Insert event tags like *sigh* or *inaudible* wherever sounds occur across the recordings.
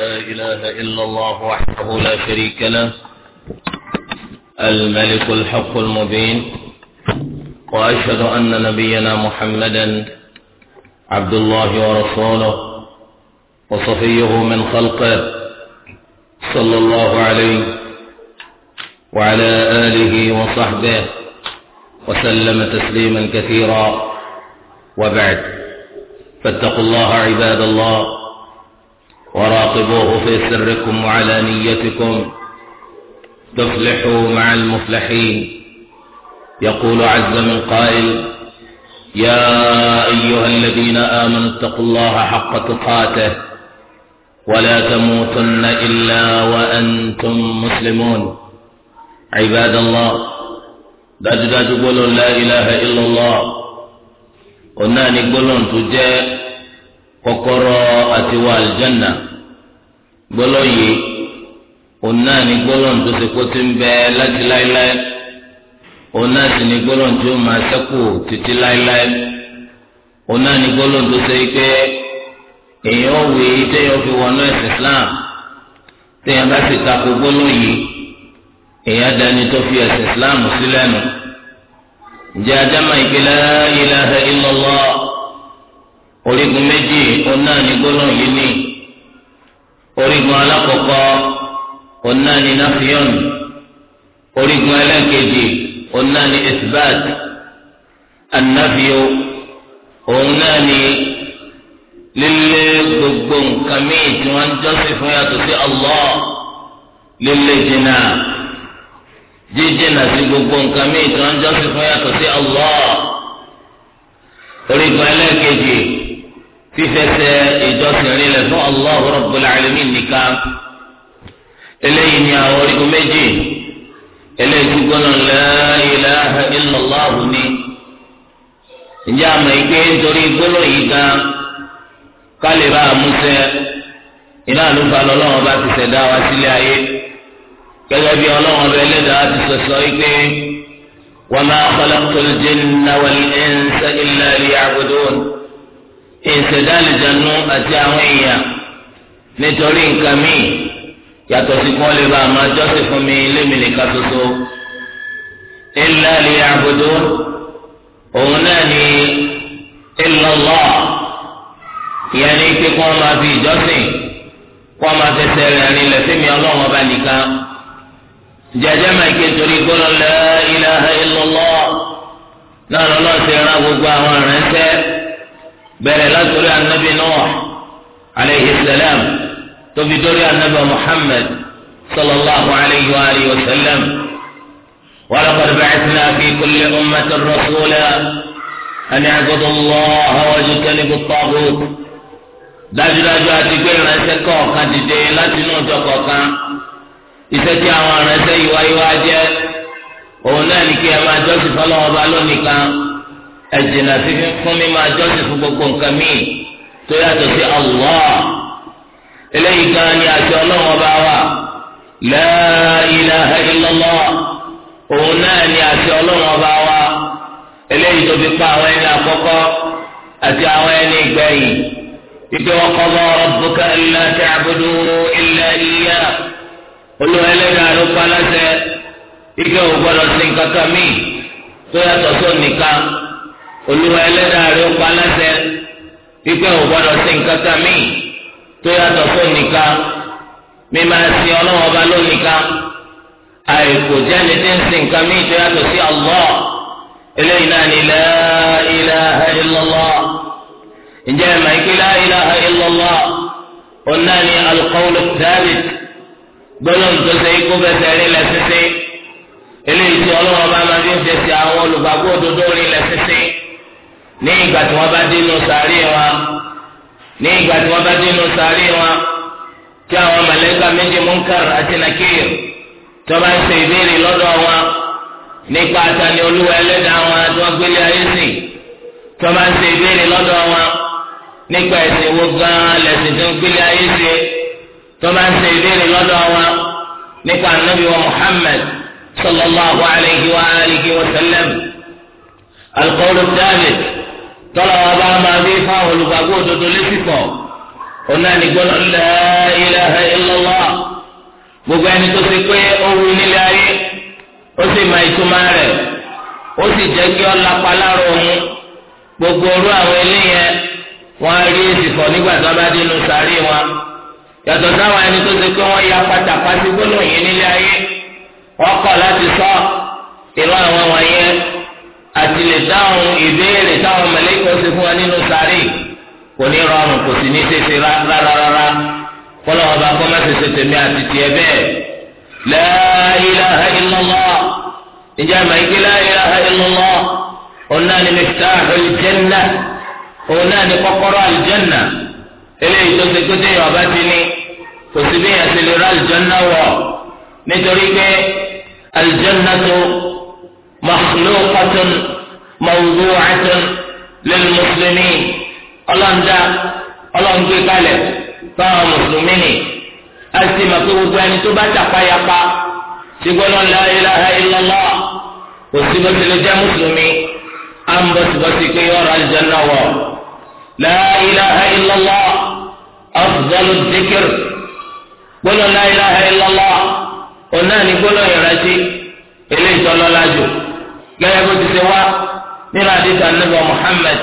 لا إله إلا الله وحده لا شريك له الملك الحق المبين وأشهد أن نبينا محمدا عبد الله ورسوله وصفيه من خلقه صلى الله عليه وعلى آله وصحبه وسلم تسليما كثيرا وبعد فاتقوا الله عباد الله وراقبوه في سركم وعلى نيتكم تفلحوا مع المفلحين يقول عز من قائل يا أيها الذين آمنوا اتقوا الله حق تقاته ولا تموتن إلا وأنتم مسلمون عباد الله لا تقولون لا إله إلا الله قلنا نقولون tó jẹ́ والجنة gbọ́lọ́ yìí òun náà ní gbọ́lọ́ tó ṣe kó ti ń bẹ láti láéláé òun náà sì ní gbọ́lọ́ tó máa ṣẹ́kù títí láéláé òun náà ní gbọ́lọ́ tó ṣe pé èèyàn fi wọnú ẹ̀sìn Islam téèyàn bá sì takò gbọ́lọ́ yìí èèyàn dání tó fi ẹ̀sìn Islam sílẹ̀ nù ǹjẹ́ ajáma ìpìlẹ̀ orígun alákọ̀ọ́kọ́ onáni nafion orígun ẹlẹ́kejì onáni isbat anafio òun náà ni lílé gbogbo nǹkan míì tí wọ́n ń jọ́sìn fún yàtọ̀ sí Allah lílé jìnnà jíjìnnà sí gbogbo nǹkan míì tí wọ́n ń jọ́sìn fún yàtọ̀ sí Allah orígun ẹlẹ́kejì fífẹsẹ̀ ìjọsìn rinlẹ̀ fún Allahu Rabbul Alamin nìkan eléyìí ni àwọn orígun méjì eléyìí tí gbọ́nà la ilaha illallah ni ǹjẹ́ àmọ́ ìgbé nítorí gbọ́nà yìí gan kálí bá a músẹ́ iná àlùfà lọ́lọ́wọ́n bá ti ṣẹ̀dá wa sílé ayé gẹ́gẹ́ bí ọlọ́wọ́n bẹ lẹ́dàá ti sọ̀sọ́ wípé wa ma khalaqtul jinna wal insa illa liya'budun ìṣẹ̀dálẹ̀dánú àti àwọn èèyàn nítorí nǹkan míì yàtọ̀ sí kí wọ́n lè bá a máa jọ́sìn fún mi lémi nìkan ṣoṣo illa liya'budun òun náà ni illallah ìyẹn ní pé kí wọ́n máa fi ìjọ́sìn kí wọ́n máa fẹsẹ̀ rẹ̀ rinlẹ̀ fẹ́mi ọlọ́run ọba nìkan jẹjẹ máa torí gbọ́dọ̀ la ilaha illallah náà lọ́lọ́ ti rán gbogbo àwọn ìrẹsẹ́ bẹ̀rẹ̀ látòrí anabi Nuh alayhi salam tóbi dórí anabi Muhammad sallallahu alayhi wa alihi wa sallam walaqad ba'athna fi kulli ummatin rasula an i'budu Allaha wajtanibu at-taghut dájúdájú àti gbé ìránṣẹ́ kọ̀ọ̀kan dìde láti inú ọjọ́ kọ̀ọ̀kan iṣẹ́ tí àwọn ìránṣẹ́ yìí wáyé wá jẹ́ òun náà ní kí ẹ máa jọ́sìn fọlọ́wọ́ bá lónìí kan ẹ̀jìnà sí fún mi máa jọ́sìn fún gbogbo nǹkan míì tó yàtọ̀ sí Allah eléyìí gan ni àti ọlọ́run ọba wa la ilaha illallah òun náà ni àti ọlọ́run ọba wa eléyìí tó fi pa àwọn ẹni àkọ́kọ́ àti àwọn ẹni ìgbẹ̀yìn ìjọ qada rabbuka alla ta'budu illa iyyah olùwà ẹlẹ́dàá ló pa láṣẹ ìjọ ògbọ́dọ̀ sí nǹkan kan míì tó yàtọ̀ sóun nìkan olúwa ẹlẹ́dàá rẹ̀ ó pa aláṣẹ pípẹ́ ò gbọ́dọ̀ sí nǹkan kan míì tó yàtọ̀ fún nìkan mi máa sin ọlọ́wọ́ ọba lónìkan àìkò jẹ́ni tí ń sin nǹkan míì tó yàtọ̀ sí Allah eléyìí náà ni la ilaha illallah ǹjẹ́ ẹ̀ máa ń kí la ilaha illallah ọ̀nà ni alukọ́wọ́lù thabit gbọ́dọ̀ tó ṣe ikú bẹ́sẹ̀ rí lẹ́sísí eléyìí tí ọlọ́wọ́ ọba máa fi ń fèsì àwọn olùgbàgbọ́ òdodo rí lẹ́sísí ní ìgbà tí wọ́n bá dé inú sàárè wọn ní ìgbà tí wọ́n bá dé inú sàárè wọn tí àwọn màláíkà méjì Munkar àti Nakir tí wọ́n bá ń ṣe ìbéèrè lọ́dọ̀ wọn nípa àtàní olúwa ẹlẹ́dàá wọn tí wọ́n gbélé ayé sí tí wọ́n bá ṣe ìbéèrè lọ́dọ̀ wọn nípa ẹ̀sìn wo gan-an lẹ̀sìn tí wọ́n gbélé ayé sí tí wọ́n bá ṣe ìbéèrè lọ́dọ̀ wọn nípa ànábì wa Muhammad sallallahu alayhi wa alihi wa sallam alqawlu thabit. tọ́lá wa bá máa wí fáwọn olùgbàgbọ́ òdodo létí pọ̀ ọ̀nà ìgbọ́nà la ilaha gbogbo ẹni tó ti pé owó nílé ayé ó sì máa ìtumọ̀ rẹ̀ ó sì jẹ́ kí ọ lápá lára òun gbogbo orú àwọn eléyẹn wọn á rí èsì fọ nígbà tí wọn bá dínú sàárè wọn yàtọ̀ sáwọn ẹni tó ti pé ya pátápátá yìí nílé ayé kọ̀ láti sọ ìlú àwọn àti lè dáhùn ìbéèrè táwọn mẹlẹ́kọ̀ọ́ ti fún wa nínú sáré kò ní rọrùn kò sì ní ṣeṣe rárá kọlọ́wọ́ bá kọ́ mẹ́sẹ̀ ṣe tèmi àti tiẹ̀ bẹ́ẹ̀ la ilaha illallah ìjà màáké la ilaha illallah òun náà ni miftahul jannah òun náà ni kọ́kọ́rọ́ àlùjẹ́nà eléyìí tó ṣe kótó ọba ti ní kò sí bí yẹn lè rà àlùjẹ́nà wọ̀ nítorí pé àlùjẹ́nà tó. مخلوقة موضوعة للمسلمين ọlọ́ńdá ọlọ́ńgbé kalẹ̀ fáwọn mùsùlùmí ni àti màkà gbogbo ẹni tó bá tàpáyapa sígbọ́nà la ilaha illallah òsibọ́sílẹ̀ jẹ́ mùsùlùmí à ń bọ̀sibọ́sí pé ọ̀rọ̀ àlùjáná wọ̀ la ilaha illallah afdalu dhikr gbọ́nà la ilaha illallah ọ̀nà ni gbọ́nà ìrántí eléyìí tọ́lọ́lá jù gẹ́gẹ́ bó ti ṣe wá nínú àdìsá nàbà Muhammad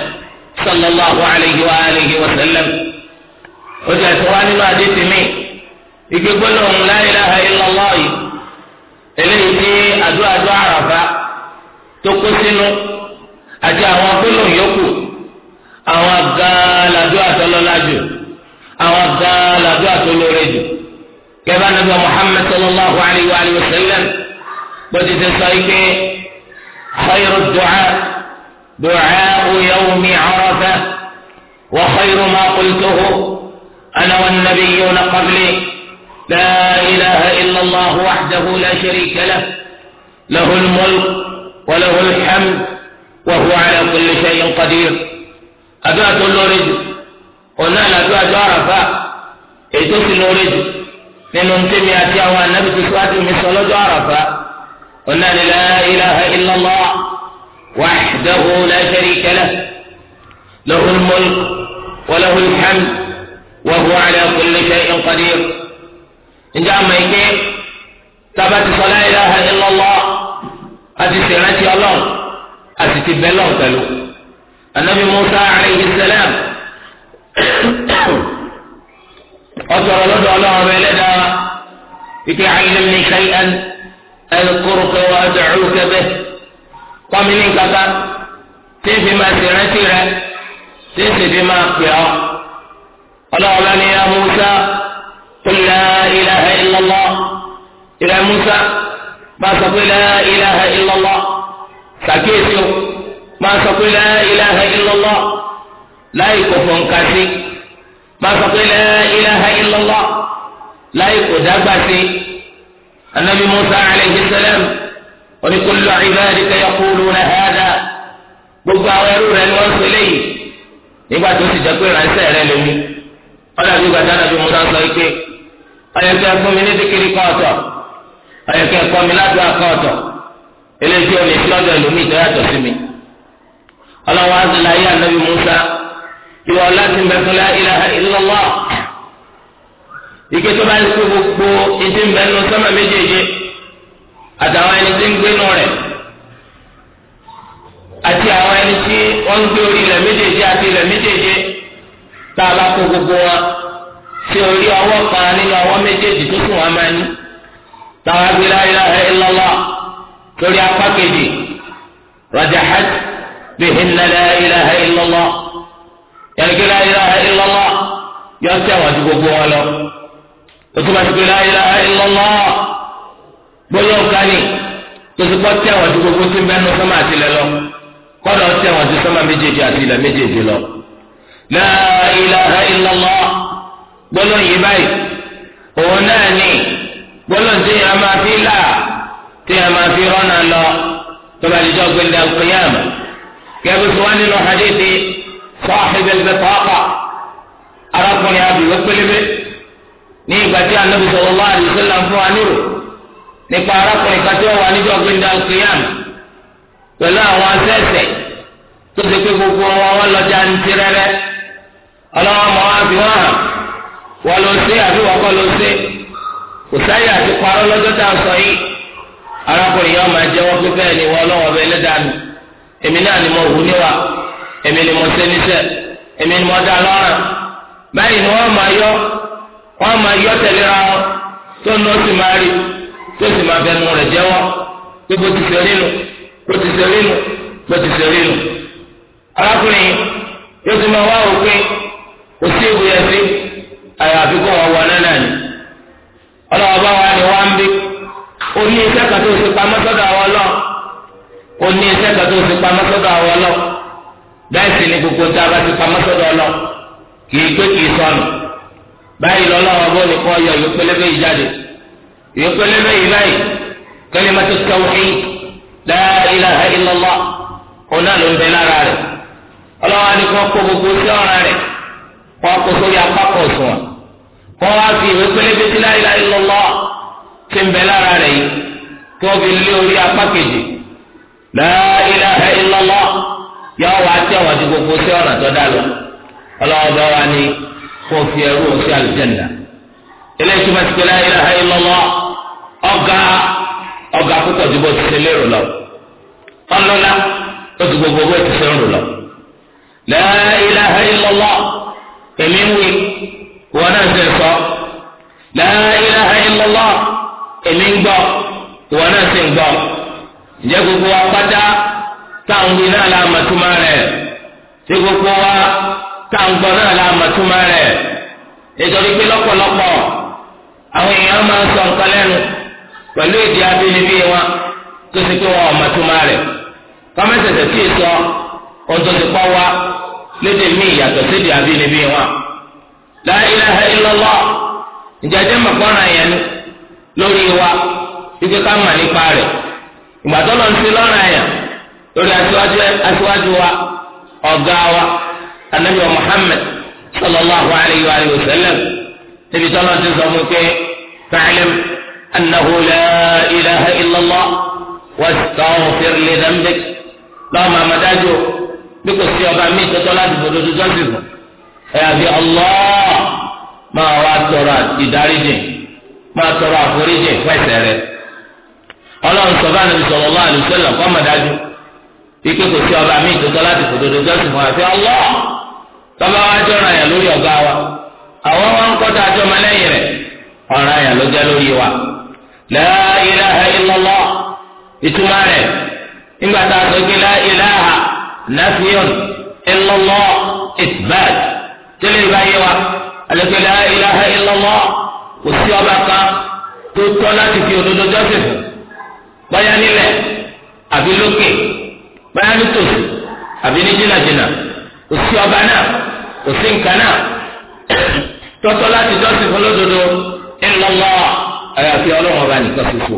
sallallahu alayhi wa alihi wa sallam ó ti ṣe wá nínú àdìsí mi ike gbólóhùn la ilaha illallah yìí eléyìí tí àdúrà àdúrà àràfà tó kó sínú àti àwọn gbólóhùn yòókù àwọn gan làdúrà tó àwọn gan làdúrà gẹ́gẹ́ bá nàbà Muhammad sallallahu alayhi wa alihi wa sallam bó ti ṣe sọ ike. خير الدعاء دعاء يوم عرفة وخير ما قلته أنا والنبيون قبلي لا إله إلا الله وحده لا شريك له له الملك وله الحمد وهو على كل شيء قدير أدعى اللورج قلنا لأدعى عرفة إذن إيه اللورج لأنه يأتي أتياه النبي تسواتي من صلاة عرفة قلنا لا إله إلا الله وحده لا شريك له له الملك وله الحمد وهو على كل شيء قدير إن جاء ما يكي ثبت لا إله إلا الله أتسرتي الله الله تلو النبي موسى عليه السلام *coughs* أترى لدى الله بلدى يتعلمني شيئا ẹnukuruka wa adùnú kẹbẹ kọ́mi ní kaka tí fi máa ti rántí rẹ tí sì fi máa pè ọ́ ọlọ́run bá ní ya Musa la ilaha illallah ìrẹ Musa máa sọ pé la ilaha illallah sàkíyèsí o máa sọ pé la ilaha illallah láì kò fọn kásí máa sọ pé la ilaha illallah láì kò dágbà sí. النبي موسى عليه السلام ولكل عبادك يقولون هذا gbogbo àwọn ẹrú rẹ ni wọn sọ eléyìí nígbà tó ti jẹ pé ránṣẹ́ rẹ lèmi ọlọ́dà bí gbàdá náà bí mo sọ pé ọyọkẹ fún mi ní dìkìrì kan ọ̀tọ̀ ọyọkẹ kọ mi ládùú àkàn ọ̀tọ̀ eléyìí ò ní sí lọ́dọ̀ ẹlòmíì tó yàtọ̀ sí mi ọlọ́wọ́ azìlá yé ànábì Musa ìwọ láti mẹ́fúnlá ilaha illallah ike tó bá ń pè gbogbo ìdí ń bẹ nínú sọ́mà méjèèjì àtàwọn ẹni tí ń gbé nù rẹ̀ àti àwọn ẹni tí wọ́n ń gbé orí rẹ̀ méjèèjì àti rẹ̀ méjèèjì tá a bá kó gbogbo wa sí orí ọwọ́ kan nínú ọwọ́ méjèèjì tó sùn wọn máa ní táwọn agbèrè ayélujára ìlọ́lá lórí apá kejì rajahat bihinna la ilaha illallah yẹn kí la ilaha illallah yọ sí àwọn àti gbogbo wọn lọ o tó bá ti pè la ilaha illallah bóyá ọ̀ka ni tó ti kọ́ tí àwọn ti gbogbo ti mẹ́nu sọ́mà àti ilẹ̀ lọ kọ́dọ̀ tí àwọn ti sọ́mà méjèèjì àti ilẹ̀ méjèèjì lọ. la ilaha illallah gbọ́dọ̀ yìí báyìí òun náà ni gbọ́dọ̀ tí yàrá máa fi là tí yàrá máa fi rọ́nà lọ tó bá ti jọ gbẹ̀dẹ̀ al-qiyamah kẹ́bí hadithi sahib al-bataqa arákùnrin àbí wọ́n pélébé ní ìgbà tí anabi sallallahu alaihi wasallam fún wa nírò nípa arákùnrin kan tí ó wà níjọ́ gbẹndà kìyàm pẹ̀lú àwọn asẹsẹ tó ti pé gbogbo wọn wọn lọjà ń ti rẹrẹ ọlọ́wọ́ mọ wá bí wọn hàn wọn lọ sí àbí wọn kọ lọ sí kò sáyà àti parọ́ lọ́jọ́ tá a sọ yìí arákùnrin yẹn máa jẹ́wọ́ pé bẹ́ẹ̀ ni wọn lọ́wọ́ bẹ́ẹ̀ lẹdàá nù èmi náà ni mo hù níwà èmi ni mo sẹ níṣẹ́ èmi ni mo dá lọ́rùn báyìí ni wọn máa yọ wọn máa yọ tẹ̀lé ra wọn tó ní ó sì máa rí tó sì máa fẹnu rẹ̀ jẹ́wọ́ pé bó ti ṣe rí nu bó ti ṣe nu bó ti ṣe nu. arákùnrin yóò ti máa wá òpin kò sí ìwúyẹ sí àyàfi kó wọn wọ náà ni ọlọ́wọ́ bá wà ní wá ń bí ó ní iṣẹ́ kan tó ṣe pamọ́ sọ́dọ̀ àwọn ọlọ́ọ̀ ó ní iṣẹ́ kan tó ṣe pamọ́ sọ́dọ̀ àwọn ọlọ́ọ̀ bẹ́ẹ̀ sì ni gbogbo tá a bá ti pamọ́ sọ́dọ̀ ọlọ́ọ̀ kì í pé kì í sọnù báyìí lọ́lọ́wọ́ bó nìkan yọ ìwé pélébé yìí jáde ìwé pélébé yìí báyìí kalimatu tawhid la ilaha illallah ọ̀nà ló ń bẹ lára rẹ̀ ọlọ́wọ́ ni kò kó gbogbo sí ọ̀ràn rẹ̀ kò kó sórí apákọ̀ sùn kò wá fi ìwé sí la ilaha illallah ti ń bẹ lára rẹ̀ yìí kò fi lé orí apá kejì la ilaha illallah kó o fi ẹrú o sí aljanna eléyìí tó bá ti pèlè ayé ilaha ọ̀gá ọ̀gá púpọ̀ ju bó ti ṣe lérò lọ ọlọ́lá ó ti gbogbo bó ti ṣe ń rò lọ èmi ń wí wọn náà ṣe sọ la ilaha illallah èmi ń gbọ́ wọn náà ṣe ń gbọ́ gbogbo wa pátá táwọn wí táǹgbọ́n náà la mọ̀túmọ̀ rẹ̀ nítorí pé lọ́pọ̀lọpọ̀ àwọn èèyàn máa ń sọ nǹkan lẹ́nu pẹ̀lú èdè abínibí wọn tó ti pé wọn ò mọ̀túmọ̀ rẹ̀ kọ́mẹ́sẹ̀sẹ̀ sì sọ ohun ti pọ̀ wá lédè míì yàtọ̀ sédè abínibí wọn. ìjàjẹ́ mọ̀kànlá yẹn wa ká mà nípa rẹ̀ ìgbà tó lọ sí àyà lórí aṣíwájú wa. anabi wa muhammed sallallahu alayhi wa sallam níbi tọ́lá ti sọ fún pé fa'lam annahu la ilaha illallah wastaghfir li dhanbik lọ́wọ́ màmá dájú bí kò sí ọba mi tó tọ́lá ti fòdò tó tọ́sí fún ẹ̀yà bí allah máa wá tọrọ ìdáríjì máa tọrọ àforíjì fún ẹ̀ṣẹ̀ rẹ̀ ọlọ́run sọ̀rọ̀ àná sallallahu alayhi wa sallam kọ́ màdájú bí kò sí ọba mi tó tọ́lá ti fòdò tó tọ́sí fún ẹ̀ṣẹ̀ allah tọ́ba wa jẹ́ ọ̀ràn yẹn lórí ọ̀gá wa àwọn wa ń kọ́ta àti ọmọlẹ́yìn rẹ̀ ọ̀ràn yẹn ló jẹ́ lórí wa. la ilaha illallah ìtumá rẹ̀ nígbà tá a sọ pé la ilaha nafiyun illallah isbat tẹ́lẹ̀ ìbáyé wa àlẹ́kẹ́ la ilaha illallah kò sí ọba kan tó tọ́ láti fi òdodo jọ́sìn báyà nílẹ̀ àbí lókè báyà nítòsí àbí ní jìnnàjìnnà kò sí ọba náà kò sí nǹkan náà *coughs* tọ́tọ́ láti jọ́sìn fún lódodo ńlọ́lọ́ àyàfi ọlọ́run ọba nìkan ṣoṣo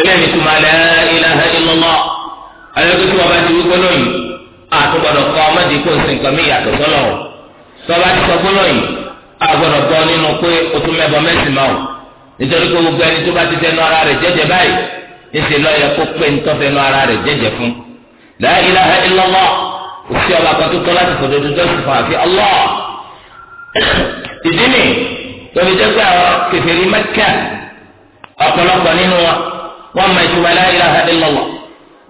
eléyìí tó máa lẹ́ ilaha illallah ayọ́kẹ́ tí wọ́n bá ti wí gbólóyìn àtúgbọ̀dọ̀ kọ́ ọmọdé kó sí nǹkan mí yàtọ̀ sọ́lọ̀ o tí wọ́n bá ti sọ gbólóyìn àgbọ̀dọ̀ bọ́ nínú pé o tún mẹ́bọ mẹ́sìn máa nítorí pé gbogbo ẹni tó bá ti tẹnu ara rẹ̀ jẹ́jẹ́ báyìí níṣẹ́ lọ́yẹ kó pé ń ara rẹ̀ jẹ́jẹ́ fún la ilaha illallah òsì ọba kan tó tọ́ láti fò dodo dọ́sì fún àfi ọlọ́ ìdí ni tóbi jẹ́ pé àwọn kèfèrí Mẹ́kà ọ̀pọ̀lọpọ̀ nínú wa wọ́n mọ ìtumọ̀ la ilaha illallah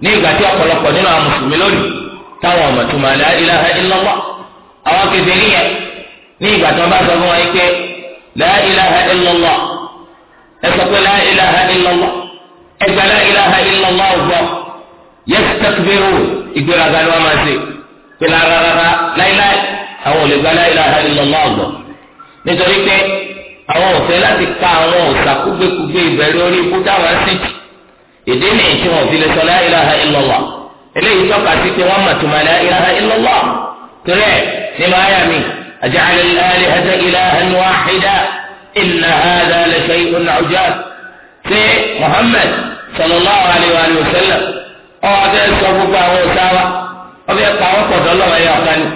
ní ìgbà tí ọ̀pọ̀lọpọ̀ nínú àwọn mùsùlùmí lónìí táwọn ọmọ ìtumọ̀ la ilaha illallah àwọn kèfèrí yẹn ní ìgbà tí wọ́n bá sọ fún wọn yìí pé la ilaha illallah ẹ sọ pé la ilaha illallah ẹgbẹ́ la ilaha illallah ọgbọ́ yastakbirun ìgbéraga ni wọ́n máa ṣe. pé rárá rárá láíláí àwọn ò lè gba láíláí illallah ọ̀gbọ̀n nítorí pé àwọn òfin láti pa àwọn òòṣà kúgbékúgbé ìbẹ̀rù orí ikú táwọn sì jì èdè ní ìtí wọn ofin lè sọ láíláí illallah eléyìí tọ́ka sí pé wọ́n moto mọ̀túnmọ̀ láíláí illallah torí ẹ̀ nínú àyà mi aja'ala al-alihata ilahan wahida inna hadha la shay'un 'ujab ṣé Muhammad sallallahu alayhi wa sallam ọ̀ ọbẹ̀ ẹ̀ka wọn pọ̀dọ̀ lọ́wọ́ ẹ̀yà ọ̀kan ni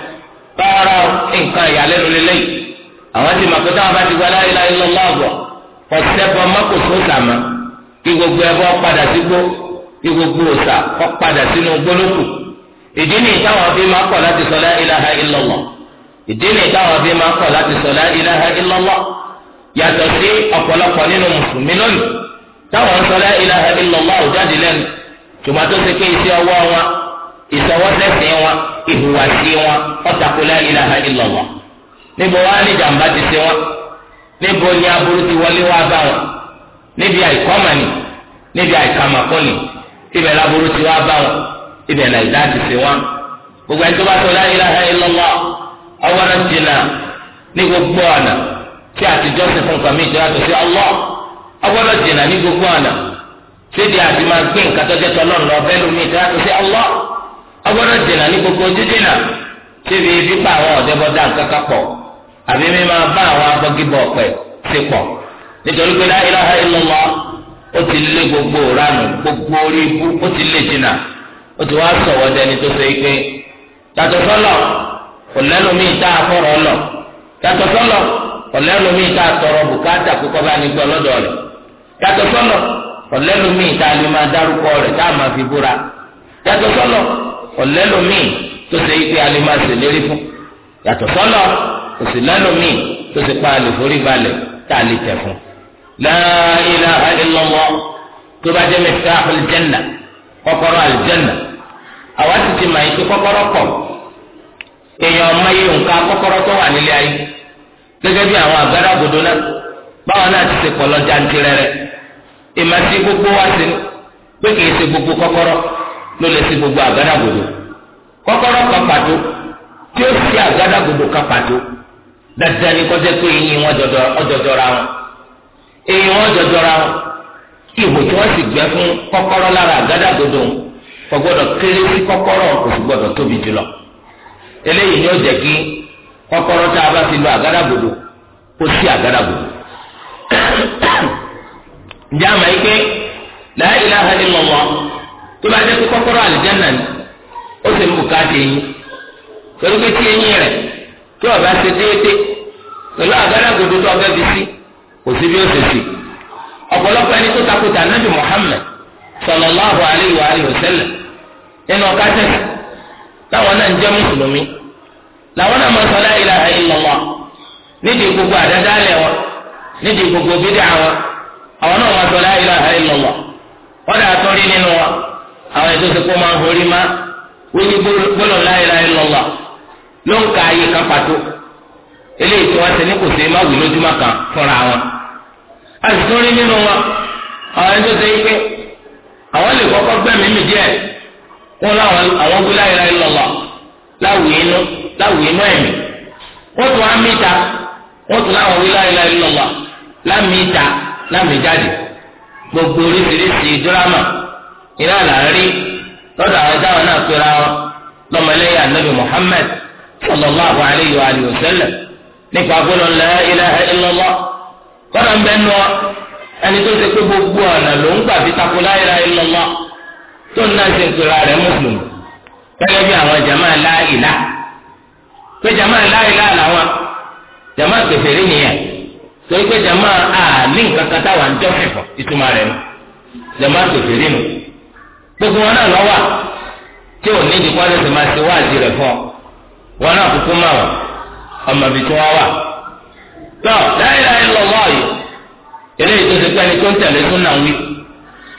rárá nǹkan ìyàlẹ́nu lélẹ́yìí àwọn ti màkútà wọn bá ti gba láyé láyé lọ́wọ́ àgbọ̀ ọ̀sẹ̀bọ̀ mọ́kòtò sàmà kí gbogbo ẹbọ padà sí gbó kí gbogbo òsà kọ́ padà sínú gbólókù ìdí ni ìtawọ̀ bí máa kọ̀ láti sọ la ilaha illallah ìdí ni ìtawọ̀ bí máa kọ̀ láti sọ la ilaha illallah yàtọ̀ sí ọ̀pọ̀lọpọ̀ nínú mùsùlùmí lónìí táwọn sọ la ilaha illallah ò lẹ́nu tòmátó ṣe iṣẹ́ ọwọ́ wọn ìsọwọ́sẹ̀sìn wọn ìhùwàsí wọn ọ̀tàkùn la ilaha illallah níbo wá ní jàǹbá ti ṣe wọn níbo ní aburú ti wọlé wá bá wọn níbi àìkọ́mọ̀nì níbi àìkàmàkùnì ibẹ̀ laburú ti wá bá wọn ibẹ̀ náà ìdá ti wọn gbogbo ẹni tó bá ọwọ́ náà ti nà ní gbogbo ọ̀nà tí àtijọ́ fún kàmí ìjọba tó ọlọ́ ní gbogbo ọ̀nà di àti máa gbé nǹkan tó jẹ́ bẹ́ẹ̀ lómi Ọ dènà ní gbogbo dídènà síbi fífa àwọn ọ̀dẹ́bọ̀dá kankan pọ̀ àbí mi bá àwọn abọ́gibọ̀ ọ̀pẹ ti pọ̀ nítorí pé la ilaha illallah ó ti lé gbogbo ránù gbogbo orí ibú ó ti lé jìnnà ó ti wá sọ̀wọ́ dẹni tó ṣe pé bùkátà kókó bá ní ọ̀lẹ́lòmíì tó ṣe yí pé a lè máa ṣèlérí fún yàtọ̀ sọ́lọ̀ kò sì lẹ́lòmíì tó ṣe pa àlè forí balẹ̀ tá a lè tẹ̀ fún. la ilaha illallah tó bá jẹ́ miftahul janna kọ́kọ́rọ́ aljanna àwa ti ti màá ike kọ́kọ́rọ́ kọ̀ èèyàn ọmọ yìí nǹkan kọ́kọ́rọ́ tó wà nílé ayé gẹ́gẹ́ bí àwọn àgádágodo náà báwọn náà ti ṣe pọ̀ lọ jantirẹrẹ ìmọ̀ sí gbogbo wa sí pé kì í ṣe gbogbo kọ́kọ́rọ́ ló lè si gbogbo àgádágodo kọ́kọ́rọ́ kan pàtó tí ó ṣe àgádágodo kan pàtó ni kọjá pé eyín wọn ọjọjọra wọn eyín wọn ọjọjọra wọn ihò tí wọn sì fún lára kò kéré sí kò sì tóbi jùlọ eléyìí ni ó kí tá a bá ti lo kó *coughs* tó bá jẹ́ pé kọ́kọ́rọ́ àlìjáná ni ó sì ń bùkátà eyín pẹ̀lú pé tí eyín rẹ̀ tí ọ̀bá ṣe déédéé pẹ̀lú àgádágodo tó ọbẹ̀ fi sí kò sí bí ó ṣe sí ọ̀pọ̀lọpọ̀ ẹni tó takùtà nábì Muhammad sallallahu alayhi wa alihi wa sallam nínú ọ̀ká tẹ̀sí táwọn náà ń jẹ́ mùsùlùmí làwọn náà máa sọ la ilaha nídìí gbogbo àdádálẹ̀ wọn nídìí gbogbo bídà wọn àwọn náà máa sọ la ilaha wọn dà tó rí nínú wọn. àwọn ètò ìsìnkú máa ń horí má wọ́n ní gbọ́dọ̀ la ilaha illallah ló ń ka ayé kan pàtó eléyìí tí wọ́n ti ní kò sí má lójúmọ́ kan fúnra wọn. a sì tún rí nínú wọn àwọn ètò ìsìnkú pé àwọn lè kọ́kọ́ gbẹ̀mí mi díẹ̀ wọn láwọn àwọn la inú inú ẹ̀mí iná là lọ́dọ̀ àwọn táwọn náà pera wọn lọ́mọlẹ́yìn anabi muhammed sallallahu alayhi wa alihi wa sallam nípa gbọ́dọ̀ la ilaha illallah kọ́dọ̀ ń ẹni tó ṣe pé gbogbo ọ̀nà ló ń gbà fi takò tó ń náà ṣe pera rẹ̀ mùsùlùmí gẹ́gẹ́ bí àwọn jama pé jama làwọn jama nìyẹn torí pé jama nǹkan kan táwọn jama gbogbo wọn náà lọ́wọ́ tí ò ní ìdíkọ́ máa ṣe wáàdì rẹ̀ fún ọ wọn náà kúkú máa wọ ọmọ ibi tí wọ́n wà. tọ́ láyé láyé lọ́wọ́ yìí eléyìí tó ti pẹ́ ẹni tó ń tẹ̀lé súnà wí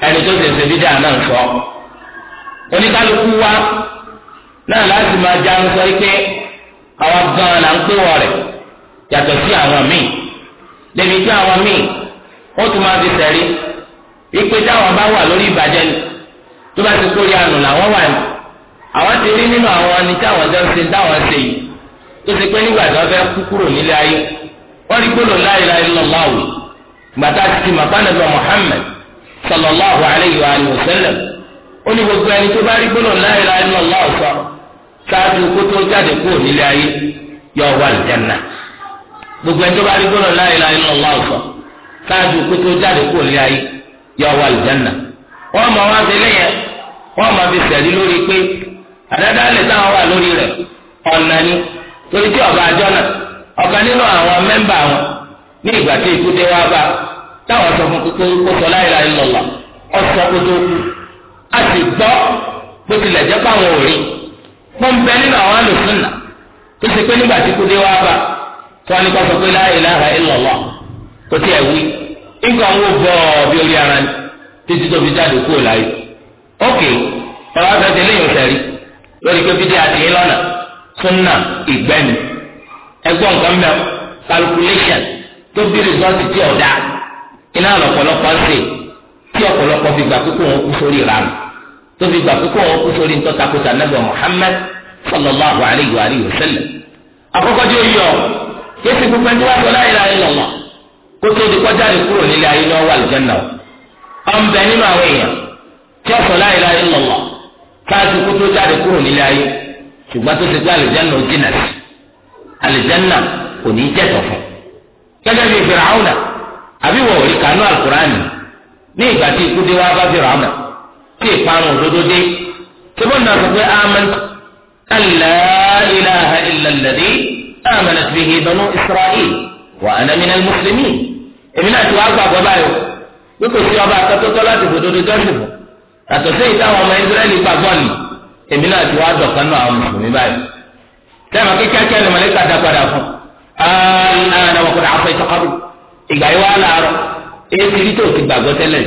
ẹni tó ti ṣe bídà náà sọ. oníkálukú wa náà láti máa jáwé sọ pé àwa gan-an là ń pé wọ rẹ̀ yàtọ̀ sí àwọn míì débi tí àwọn míì tún fi sẹ̀rí ipe táwọn bá wà lórí ìbàjẹ́ ni. tó bá ti kórè àná làwọn wà ní àwọn ti rí nínú àwọn ẹni tí àwọn jẹun ṣe dáwọn ṣe yìí tó ṣe pé nígbà tí wọ́n fẹ́ kú kúrò nílé ayé wọ́n rí gbólóhùn la ilaha illallah gbàtà ti màkànnàbà Muhammad sallallahu alayhi wa sallam ó ní gbogbo ẹni tó bá rí gbólóhùn la ilaha illallah sọ ṣáájú kó tó jáde kúrò nílé ayé yọ wà lìjánná gbogbo ẹni tó bá rí gbólóhùn la ilaha illallah sọ ṣáájú kó tó jáde kúrò nílé ayé yọ wà lìjánná. wọ́n mọ̀ wá sí léyẹn wọ́n mọ̀ fi sẹ̀rí lórí pé àdáda lè táwọn wà lórí rẹ ọ̀nà ni torí ọba àjọ náà ọ̀kan nínú àwọn mẹ́mbà wọn ní ìgbà tí ikú dé wá bá táwọn sọ fún a sì gbọ́ bó tilẹ̀ jẹ́ nínú àwọn àlùfínà tó ṣe pé nígbà tí ikú dé wá bá sọ títí tó fi jáde kúrò láyé ókè ọ̀rọ̀ afẹ́tẹ́ lẹ́yìn ọ̀sẹ̀rí lórí pé bídí àtìyín lọ́nà súnà ìgbẹ́ni ẹgbọ́n nǹkan mẹ́rin calculation tó bí rìsọ́ọ̀tì tí ọ̀dà iná lọ̀pọ̀lọpọ̀ ń sè tí ọ̀pọ̀lọpọ̀ fi gbà kókó wọn kú sórí ìranù tó fi gbà kókó wọn kú sórí ntọ́takùsà nàbẹ̀ Muhammad sallallahu alayhi wa sallam àkọ́kọ́ tí ó yọ yẹ́sì gbogbo ẹni wá láyé láyé lọ́wọ́ kó tó di kọjá rẹ̀ kúrò nílé ayé ni wà lùjẹ́ náà ọ̀nbẹ nínú àwọn èèyàn tí ó sọ la ilaha illallah káàsì kó tó jáde kúrò nílé ayé ṣùgbọ́n tó ti gbé àlùjáná òjì nà sí àlùjáná kò ní í jẹ́tọ̀ fún gẹ́gẹ́ bí Fir'auna àbí wọ̀ òrí kanú àlùkùránì ní ìgbà tí ikú dé wá bá Fir'auna tí ìparun òdodo dé tí náà sọ pé amantu an la ilaha illa alladhi amanat bihi banu Isra'il wa ana èmi náà ti wá gbàgbọ́ báyìí pé kò sí ọba àtọ́tọ́tọ́ láti fòdodo jọ́sìn fún yàtọ̀ sí ìtàwọn ọmọ Ísírẹ́lì gbàgbọ́ ni èmi náà ti wá dọ̀kan náà àwọn mùsùlùmí báyìí sẹ́wọ̀n kí kíákíá ni dá padà fún ààrẹ wọn kọ́ni afọ ìtọ́kọ́rù ìgbà yìí èyí ti rí tó ti gbàgbọ́ tẹ́lẹ̀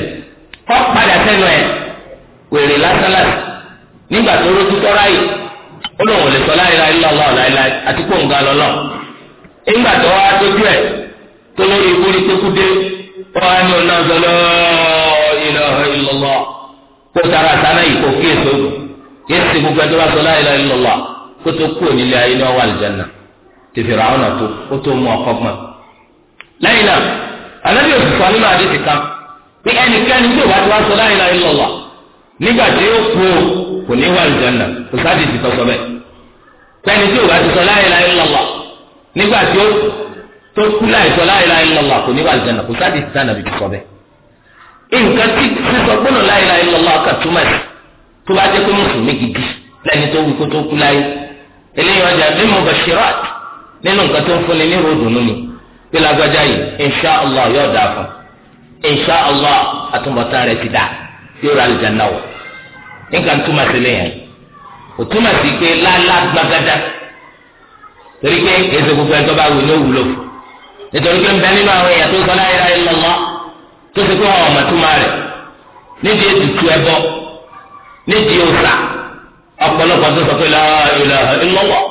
kọ́ padà sẹ́nu ẹ̀ wèrè nígbà tó rójú ó lóun ò wọ́n á ní onáṣọlọ́ ilaha illallah kó tara sáná yìí kó kí èso gùn kí èsì gbogbo ẹjọ́ bá sọ la ilaha illallah kó tó kú onílé ayé ní ọwọ́ àlùjáná tìfìrà àwọn àtó kó tó mú ọkọ gbọ́n. lẹ́yìn náà alábí òṣìṣẹ́ alúlọ̀ adé ti kan pé ẹnikẹ́ni tí òbá ti wá sọ la ilaha nígbà tí ó kú kò ní wà àlùjáná kò sáà tó kú láìsọ la ilaha kò ní wà lùjẹ́nà kò sáà di sànà bìbí sọ nǹkan tí sísọ gbọ́dọ̀ la ilaha illallah túmọ̀ sí tó bá jẹ́ pé mùsùlùmí gidi lẹ́ni tó wù kó tó kú láyé eléyìí ọjà bí mo bẹ̀ nínú nǹkan tó ń fúnni ní ni lágbájá yìí insha allah yóò dáa fún insha allah àtúmọ̀tán rẹ̀ ti dáa yóò ra àlùjáná nǹkan túmọ̀ sí lẹ́yìn kò túmọ̀ sí pé gbàgádá torí pé èso gbogbo bá wù nítorí pé ń bẹ nínú àwọn èèyàn tó sọ láyé láyé lọ́wọ́ tó ti kó àwọn ọ̀mọ̀túnmá rẹ̀ nídìí ètùtù ẹbọ nídìí òòṣà ọ̀pọ̀lọpọ̀ tó sọ pé la ilaha illallah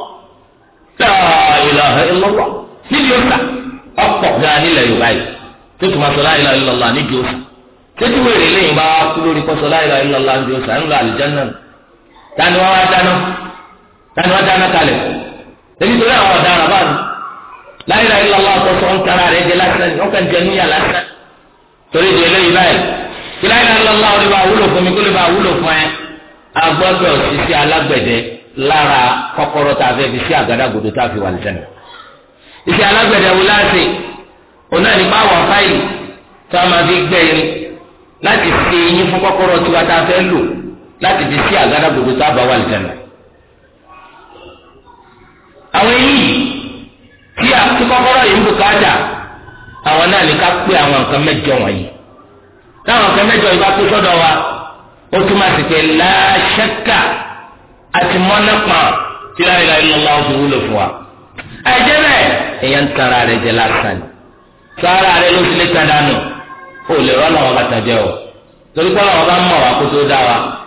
la ilaha illallah nídìí òòṣà ọ̀pọ̀ gan nílẹ̀ Yorùbá yìí tó tún ma sọ la ilaha illallah nídìí òòṣà tètè wèrè lẹ́yìn bá kú lórí kọ́sọ̀ la ilaha illallah nídìí òòṣà ńlọ àlùjánnà tani wọn wá dáná tani wọn dáná kalẹ̀ èyí tó láyìlá ilé ọlọ́wọ́ àtọ́sọ ń tara rẹ̀ jẹ lásán ní ọkàn jẹ níyà lásán torí di eléyìí báyìí kí láyìlá ilé ọlọ́wọ́ lè bá wúlò fún mi wúlò fún ẹ agbọ́dọ̀ sisi alágbẹ̀dẹ lára kọ́kọ́rọ́ ta fẹ́ fi sí àgádágodo fi wà alágbẹ̀dẹ wo láti ọ̀nà nípa a máa fi gbẹ irin láti eyín kí àti yìí ń àwọn náà ká pé àwọn nǹkan mẹ́jọ wọ̀nyí táwọn nǹkan mẹ́jọ yìí bá pé sọ́dọ̀ wa ó tún máa láṣẹ́kà àti tí láyé láyé lọ́la ó fi wúlò fún wa. àìjẹ́ bẹ́ẹ̀ èèyàn ń tara rẹ̀ jẹ lásán sára rẹ̀ ló lè ta dànù ó lè o torí pé bá ń mọ̀ wa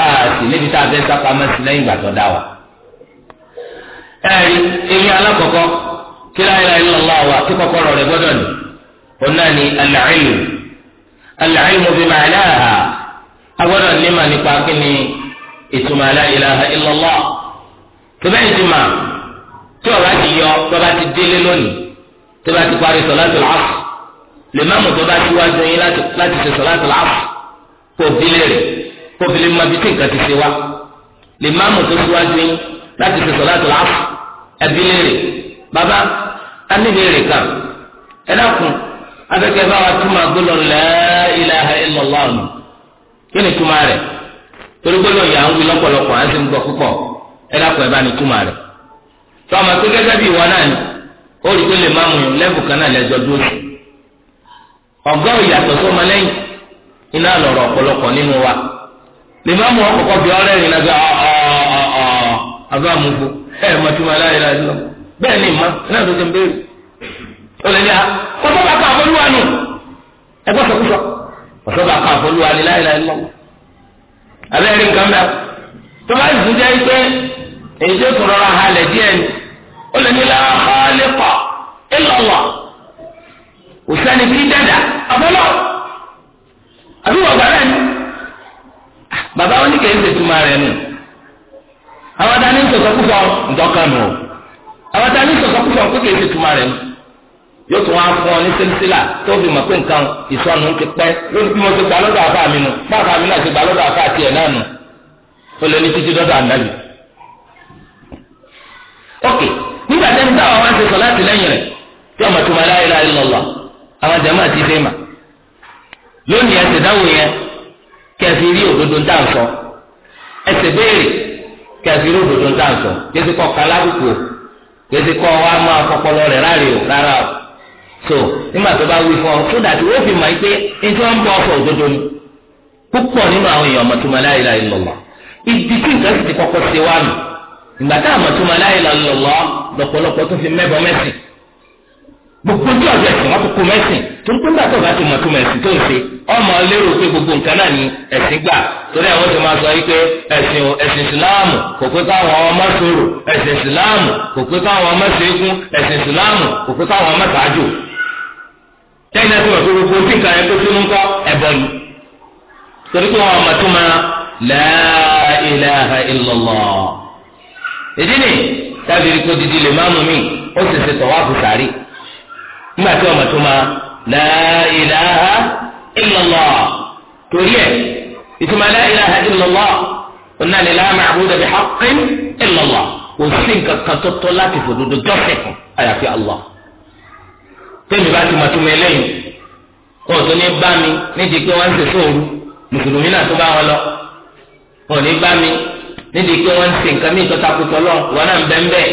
a sì níbi tá a fẹ́ sápamọ́ sí lẹ́yìn ìgbà tó dá wa. ẹ̀rí tí la ilaha illallah wà kí kọ́kọ́rọ́ rẹ̀ gbọ́dọ̀ ni òun náà ni al-ilm al-ilm bi ma'naha agbọ́dọ̀ nímà nípa kí ni ìtumọ̀ la ilaha illallah tó bẹ́ẹ̀ ti mà tí ọ̀rá ti yọ bọ́ba ti délé lónìí tó bá ti parí salatul asr lè má mọ̀ bọ́ba ti wájú yín láti ṣe salatul asr kó délé rẹ̀ kó fi lè má bí tí nǹkan ti ṣe wá lè má mọ̀ tó síwájú yín láti ṣe salatul asr ẹbí lè rè Baba, aníbèrè kan ẹ dákun afẹ́kẹ́ bá wa túmọ̀ gbọ́dọ̀ la ilaha illallah ni túmọ̀ rẹ̀ torí gbọ́dọ̀ yà ń wí lọ́pọ̀lọpọ̀ á ni lè má mú un lẹ́bù kan náà lẹ́jọ́ dúró sí ọ̀gá ìyàtọ̀ tó mọ lẹ́yìn iná lọ̀rọ̀ ọ̀pọ̀lọpọ̀ nínú wa lè mú bí ọ̀rẹ́ rìn bẹ́ẹ̀ ni ma náà ló ti ń béèrè olùdíyà kọ́tọ́ bá ká àfọlúwa nù ẹgbẹ́ sọ̀kúsọ kọ́tọ́ bá ká àfọlúwa ni láìláì lọ abẹ́rẹ́ nǹkan bẹ́ẹ̀ tó bá yìí jẹ́ pé èyí tó tún rọra halẹ̀ díẹ̀ ni ó lè pọ̀ ìlọ̀wọ̀ kò sẹ́ni kí dẹ́dà àfọlọ́ àbí gbàrẹ́ ni bàbá oníkèé ń tètè rẹ̀ nù àwọn dání ń tètè àwọn tá a ní sọ̀sọ́kùsọ̀ kó kìí ṣe túmọ̀ rẹ̀ yóò tún wá fún ọ ní sílísílà tó fi mọ̀ pé nǹkan ìsọnù ti pẹ́ lónìí bí mo ti gbà lọ́dọ̀ àfa mi nù bá àfa mi náà ti gbà lọ́dọ̀ àfa tiẹ̀ náà nù ó lé ní títí dọ́dọ̀ ànábì. ok nígbà tẹ́ni táwọn wá ń ṣe sọ̀lá àtìlẹ́yìn rẹ̀ tí ọmọ tó máa la ilaha illallah àwọn jàmáà ti fẹ́ mà lónìí ẹsẹ̀ dáwò yẹn kẹfì rí òdodo ń dáǹsọ ẹsẹ̀ béèrè kẹfì rí òdodo ń dáǹsọ gbèsè kọ́ wa máa kọ́kọ́lọ́ rẹ̀ láre o rárá o so nígbà tó bá wí fún ọ fún dàtí wọ́n fi mọ̀ pé ètò ń bọ̀ ọ̀fọ̀ òdodo ni púpọ̀ nínú àwọn èèyàn ọ̀mọ̀túnmọ̀ la ilaha illallah ìdí tí nǹkan sì ti kọ́kọ́ ṣe wá nù ìgbà tá àmọ̀túnmọ̀ la ilaha illallah lọ́pọ̀lọpọ̀ tó fi mẹ́bọ mẹ́sìn gbogbo tí ọjọ́ ẹ̀sìn wọn tó kó mẹ́sìn tó ń tó ń bá ti tó tó gbogbo nǹkan náà ni ẹ̀sìn gbà torí àwọn tó máa sọ yìí pé ẹ̀sìn ẹ̀sìn ìsìláàmù kò pé káwọn ọmọ sòrò ẹ̀sìn ìsìláàmù kò pé káwọn ọmọ ìsìláàmù kò pé káwọn ọmọ nígbà tí ọmọ tó máa la ilaha illallah torí ẹ̀ ìtumọ̀ la ilaha illallah ọ̀nà ni la ma'buda bi haqqin illallah kò sí nǹkan kan tó tọ́ láti fòdodo jọ́sẹ̀ kan àyàfi Allah tẹ́mi bá ti mọ̀ tó mọ eléyìí wọn ò tó ní bá mi nídìí pé wọ́n ń sèso mùsùlùmí náà tó bá wọn lọ wọn ò ní bá mi nídìí pé wọ́n ṣe nǹkan mí ìtọ́ta kutọ lọ wọn náà ń bẹ́ẹ̀ bẹ́ẹ̀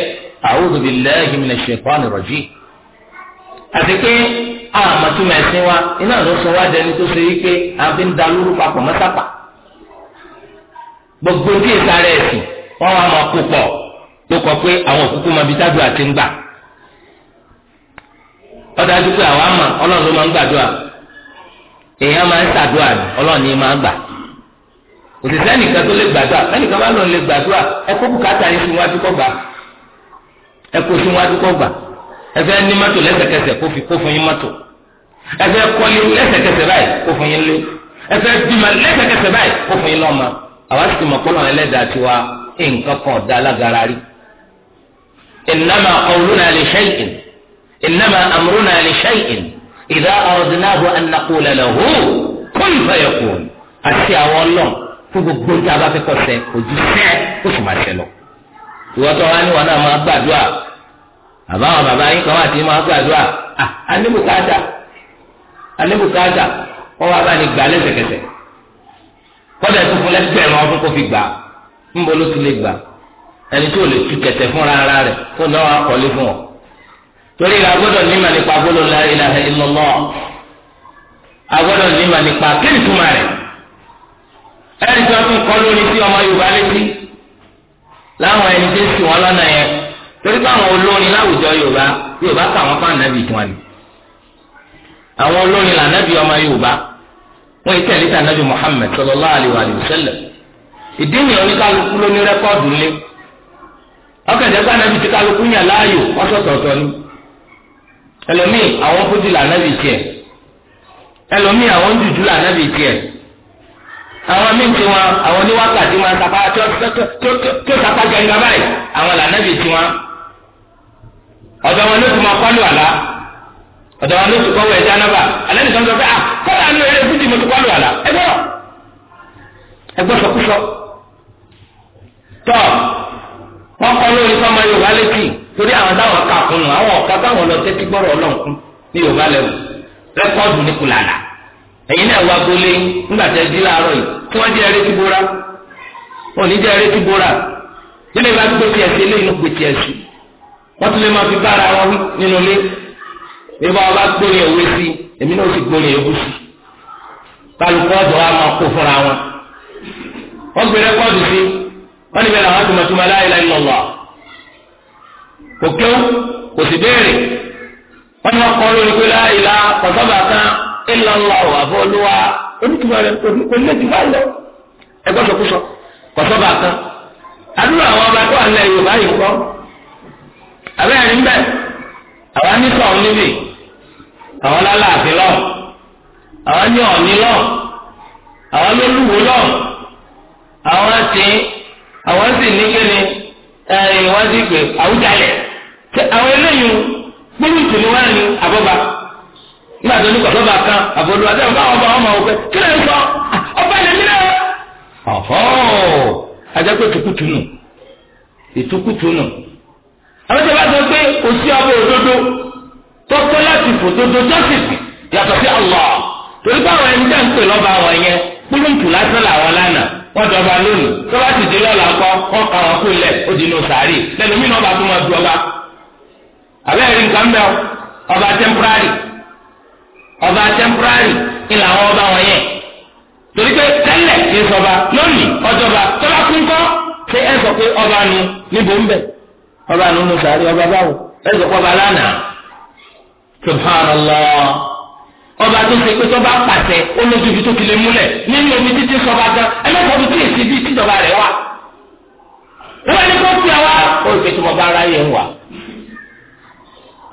a'udhu billahi minash shaitani rajim àti pé àmọ̀túmọ̀ ẹ̀sìn wa iná ló sọ wá dẹni tó ṣe wípé a fi ń da lóru papọ̀ mọ́sápà gbogbo tí ìsàrẹ̀ ẹ̀sìn wọ́n wá máa kó pọ̀ tó kọ pé àwọn òkúkú máa bí tájú àti ń gbà ma pé àwọn àmọ̀ ọlọ́run ló máa ń gbàdúrà èèyàn máa ń ṣàdúrà ni ọlọ́run ni máa ń gbà tó lè gbàdúrà bá lòun lè gbàdúrà ẹ kó bùkátà yín ẹfẹ ní mọ́tò lẹ́sẹ̀kẹsẹ̀ kó fi kó fún yín mọ́tò ẹfẹ kọ́lé lẹ́sẹ̀kẹsẹ̀ báyìí kó fún yín lé ẹfẹ bímọ lẹ́sẹ̀kẹsẹ̀ báyìí kó fún yín lọ́mọ àwa sì mọ̀ kó lọ́rùn ẹlẹ́dàá nǹkan kan ọ̀dà alágara rí. innama qawluna li shay'in innama amruna li shay'in idha aradnahu an naqula lahu kun fayakun àti àwọn ọlọ́run fún gbogbo tí a bá fẹ́ kọ́ sẹ́ òjú sẹ́ ó bàbá àwọn bàbá yín kan wà tí máa gbàdúrà anibukata anibukata wọn wá bá ní gbà lẹ́sẹ̀kẹsẹ̀ kọ́dà tó fún lẹ́gbẹ̀rún ọdún kó fi gbà ń bolo tó lè gbà ẹni tó lè tu kẹ̀tẹ̀ fúnra ara rẹ̀ náà fún torí nímà nípa nímà nípa ẹni tó ń lórí sí ọmọ Yorùbá létí láwọn ẹni tó wọn yẹn. torí pé àwọn olórin láwùjọ yorùbá yorùbá kà wọ́n fún ànábì tiwọn ni àwọn olórin lànábì ọmọ yorùbá wọ́n yìí tẹ̀lé tà ànábì muhammed sallallahu alayhi wa sallam ìdí nìyẹn oníkálukú ló ní lé ọkàndé pé ànábì tí kálukú yàn láàyò wọ́n ni ẹlòmíì àwọn fújì lànábì tiẹ̀ ẹlòmíì àwọn jùjú lànábì tiẹ̀ àwọn míì tiwọn àwọn oníwákàtí wọn báyìí àwọn ọ̀dọ̀ wọn ló ti máa kọ́lù àlá ọ̀dọ̀ wọn ló ti kọ́wọ́ ẹja náà bá alẹ́ nìkan sọ pé à kọ́lù àlọ́ eré fújì mo ti kọ́lù àlá ẹgbọ́ ẹgbọ́ sọkúsọ. tọ́ wọ́n kọ́ lórí sọ́mọ yorùbá létí torí àwọn táwọn kà kún un àwọn ọ̀ká táwọn lọ tẹ́tí gbọ́rọ̀ ọlọ́nkún ní yorùbá lẹ́wù rẹ́kọ́ọ̀dù ní kùlàlà ẹ̀yin náà wá gbolé ńgbà tẹ́ di láàárọ̀ yìí kí wọ́n jẹ́ eré tí bóra wọn ò ní jẹ́ eré tí bóra nílẹ̀ bá gbé tiẹ̀ sí eléyìí ló gbé tiẹ̀ sí i wọ́n tún lè máa fi bára wọn wí nínú ilé bí wọ́n bá gbórí ẹ̀wé sí èmi náà sì gbórí ẹ̀wé sí kálukú ọ̀dọ̀ wa máa kó fúnra wọn. wọ́n gbé rẹ́kọ́ọ̀dù sí wọ́n níbẹ̀ làwọn tó mọ̀tún máa la ilaha illallah kò kéwù kò sì béèrè wọ́n ní wọ́n kọ́ lórí pé láìla kọ̀sọ́bà kan illallah àbọ̀ olúwa onítùmọ̀ rẹ̀ kò ní ti bá lọ ẹgbẹ́ abẹ́rẹ́ ń bẹ̀ àwa ní sọ̀rọ̀ àwọn lálàáfin lọ àwọn ní ọ̀ní lọ àwọn lólùwò lọ àwọn ti àwọn sì ní kíni ẹ̀yìn àwọn eléyìí ní wọ́n ní àbọ̀bà nígbà tó ní kọ̀ọ̀bà kan bá wọn pé kí lè sọ ọba àwọn ìjọba sọ pé kò sí ọba òdodo tọ́tọ́ láti fòdodo jọ́sìtì yàtọ̀ sí Allah torí pé àwọn ẹni dá ń pè lọ́ba àwọn yẹn kúlùkù lásán làwọn lánàá wọ́n dọ̀ba lónìí tó bá ti di lọ́la kọ́ wọ́n kà wọ́n kú lẹ̀ ó di inú sàárì lẹ́nu mí náà bá tún máa dọ̀ba. àbẹ́rẹ́ nǹkan ń bẹ ọba tẹ́mpúrárì ọba tẹ́mpúrárì ni làwọn ọba wọn yẹn torí pé tẹ́lẹ̀ kì í sọba lónìí ọjọba tọ́lá kúńkọ́ ṣé ẹ sọ pé ọba nu níbo ń bẹ̀ ọba nínú sàárì ọba báwo ẹsẹ kọba lánàá subhanallah ọba tó ṣe pé sọba pàṣẹ ó lójú ibi tó ti lè múlẹ̀ nínú omi títí sọba gan ẹlẹ́kọ̀ọ́ bí tí èsì bíi tíjọba rẹ̀ wà wọ́n ní kó fi àwa ó ṣe tí mo bá ara yẹn wà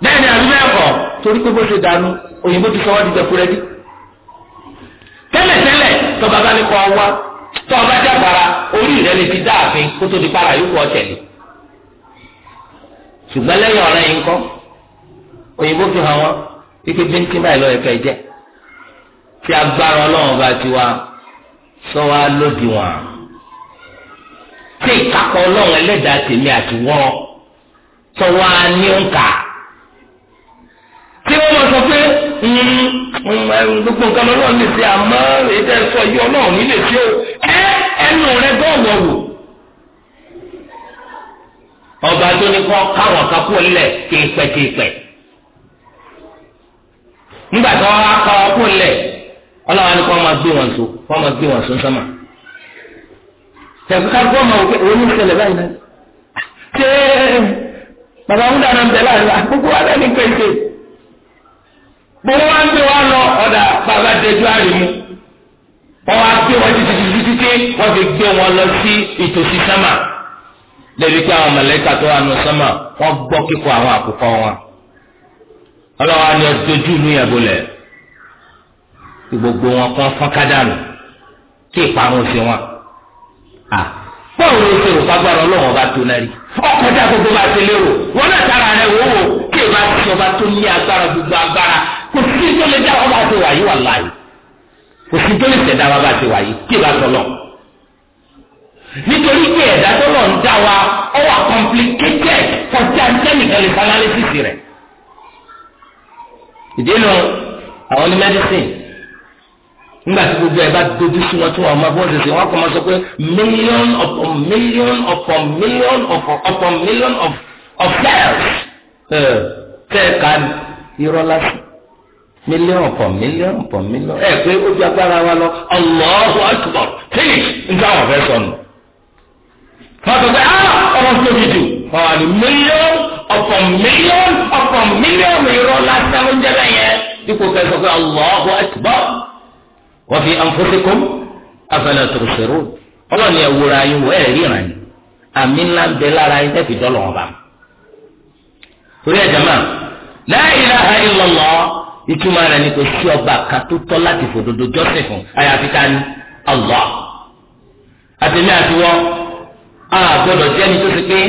bẹ́ẹ̀ ni àbí bẹ́ẹ̀ kọ́ torí pé bó ṣe dànù òyìnbó ti sọ́wọ́ di dẹkúrẹ́dì tẹ́lẹ̀tẹ́lẹ̀ tọba bá ní kọ́ wá tọba jágbára orí rẹ̀ ti dáàfin kó tó di para yóò kọ́ tẹ̀lé ṣùgbọ́n lẹ́yìn ọ̀rẹ́ yìí ń kọ́ òyìnbó fi hàn wọ́n wípé bíntín báyìí lọ́ọ́ ẹ̀ka ẹ̀jẹ̀ tí agbára ọlọ́run bá ti wá sọ wá lódì wọn tí ìkàkọ́ ọlọ́run ẹlẹ́dàá tèmi àti wọ́n sọ wá ní òǹkà tí wọ́n mọ̀ sọ pé hmm, hmm, hmm, gbogbo nǹkan ọlọ́run lè ṣe àmọ́ ètò ẹ̀sọ́ yìí ọlọ́run ní lè ṣe ẹ ẹnu rẹ gbọ́ ọba tó ní kọ́ káwọn kan kú lẹ̀ kéèpẹ̀kéèpẹ̀ nígbà tó wá káwọn kú ni kọ́ máa gbé wọn so kọ́ máa gbé wọn so sọ́mà tẹ̀síkà kọ́ máa wò pé òun ní ìṣẹ̀lẹ̀ báyìí náà ṣé bàbá ń dáná bẹ̀ láàrin àkókò wa pèsè gbogbo wa ń gbé wa lọ ọ̀dà bàbá àrìmú wá débi kí àwọn mẹlẹ́kà tó wà nù sánmà wọ́n gbọ́ kíkọ àwọn àkùkọ wọn ọlọ́wọ́ ni ọdójú ní ẹ̀bùlẹ̀ tí gbogbo wọn kọ́ fọ́nkádànù tí ìparun sí wọn. báwo ló ṣe òfagbára ọlọ́wọ́ bá tó náà rí ọkọjá gbogbo bá ti lérò wọn náà tara rẹ wò wò kí ìbá ti ọba tó ní agbára gbogbo agbára kò sí tó lè dá wọn bá ti wà yí wà láàyè kò sí tó lè tẹ̀ dá wọn bá ti wà yí kí ìbá tọ̀ lọ́wọ́. nítorí pé ẹ̀dá tó lọ ń dá wa ọ wà complicated kọjá ntẹ́nìkan lè fanálẹ́sìsì rẹ̀. ìdènà àwọn ní medicine nígbà tí gbogbo ẹ bá dojú sí wọn tí wọn máa bọ́ọ̀dù sí wọn kò máa sọ pé million upon million upon million upon million of of cells tẹ́ẹ̀ka irọ́ lásán million upon million upon million ẹ pé ó ju agbára wa lọ Allahu Akbar finish nígbà wọn fẹ́ sọnù. wọ́n sọ pé ọmọ tóbi jù wọ́n wà ní mílíọ̀nù ọ̀pọ̀ mílíọ̀nù ọ̀pọ̀ mílíọ̀nù irọ́ lásán ló ń jẹ́ bẹ́ẹ̀ yẹn dípò kẹ́ sọ pé Allahu akbar wa fi anfusikum afala tubsirun ọlọ́ni ẹ̀ wúra yín wọ́n ẹ̀ ríran àmì ńlá ń bẹ lára yín tẹ́fì dọ́lọ̀ wọn bá. torí ẹ̀ jama la ilaha illallah a gbọ́dọ̀ jẹ́ ní tó ti pé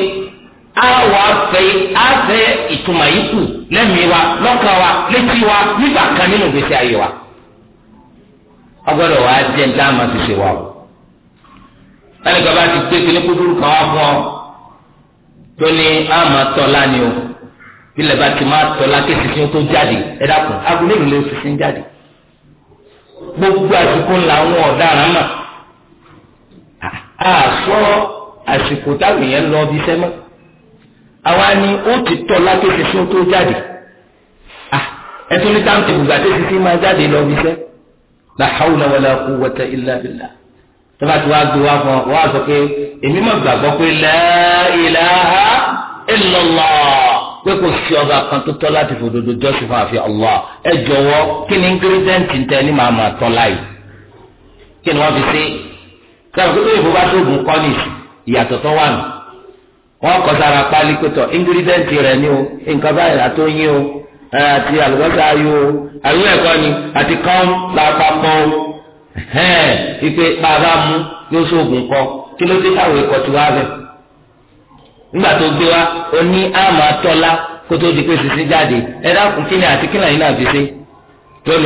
a wà fẹ́ a fẹ́ ìtumọ̀ yìí kù lẹ́mìí wa lọ́kàn wa létí wa nígbà kan nínú ìgbésí ayé wa a gbọ́dọ̀ wá jẹ́ ní dáhùn àti ṣe wa o ẹnì kan bá ti gbé kíní kúndúrú kan wá fún ọ tó ní a máa tọ́ lánìí o ilẹ̀ bá ti máa tọ́ la kéṣì tí ó tó jáde ẹ dákun agolo ìlú ló ti sin jáde gbogbo àsìkò ńlá àwọn ọ̀daràn mà á sọ àsìkò táwọn èèyàn lọ bí sẹ́mọ́ àwa ni ó ti tọ́ láti fi fún tó jáde ẹ tún ní táǹtì bùgbà tó ti fi máa jáde lọ bí sẹ́ la hawla wala quwwata illa billah tọ́ba tí wàá gbé wá fún ọ wàá sọ pé èmi máa gbàgbọ́ pé la ilaha illallah pé kò sí ọba kan tó tọ́ láti fòdodo jọ́sìn fún àfi Allah ẹ jọ̀wọ́ kí ni ingírídẹ́ǹtì tẹ ní màá tọ́ láyìí kí ni wọ́n fi ṣe kí àwọn yẹ kó bá tó oògùn kọ́nìsì ìyàtọ̀ tó wà nù kọ sára pálí pẹ̀tọ̀ ingírídẹ́ǹtì rẹ̀ ni o nǹkan báyìí àtọ́yìn o àti àlùbọ́sà ayò o àlùbọ́ ipe bàbá mu yóò kọ kí ló dé táwọn ẹ̀kọ́ ti wá bẹ̀ nígbà tó gbé wa ó ní kó tó di pé sisi jáde ẹ dákun kí ni àti kí náà fi ṣe tó ní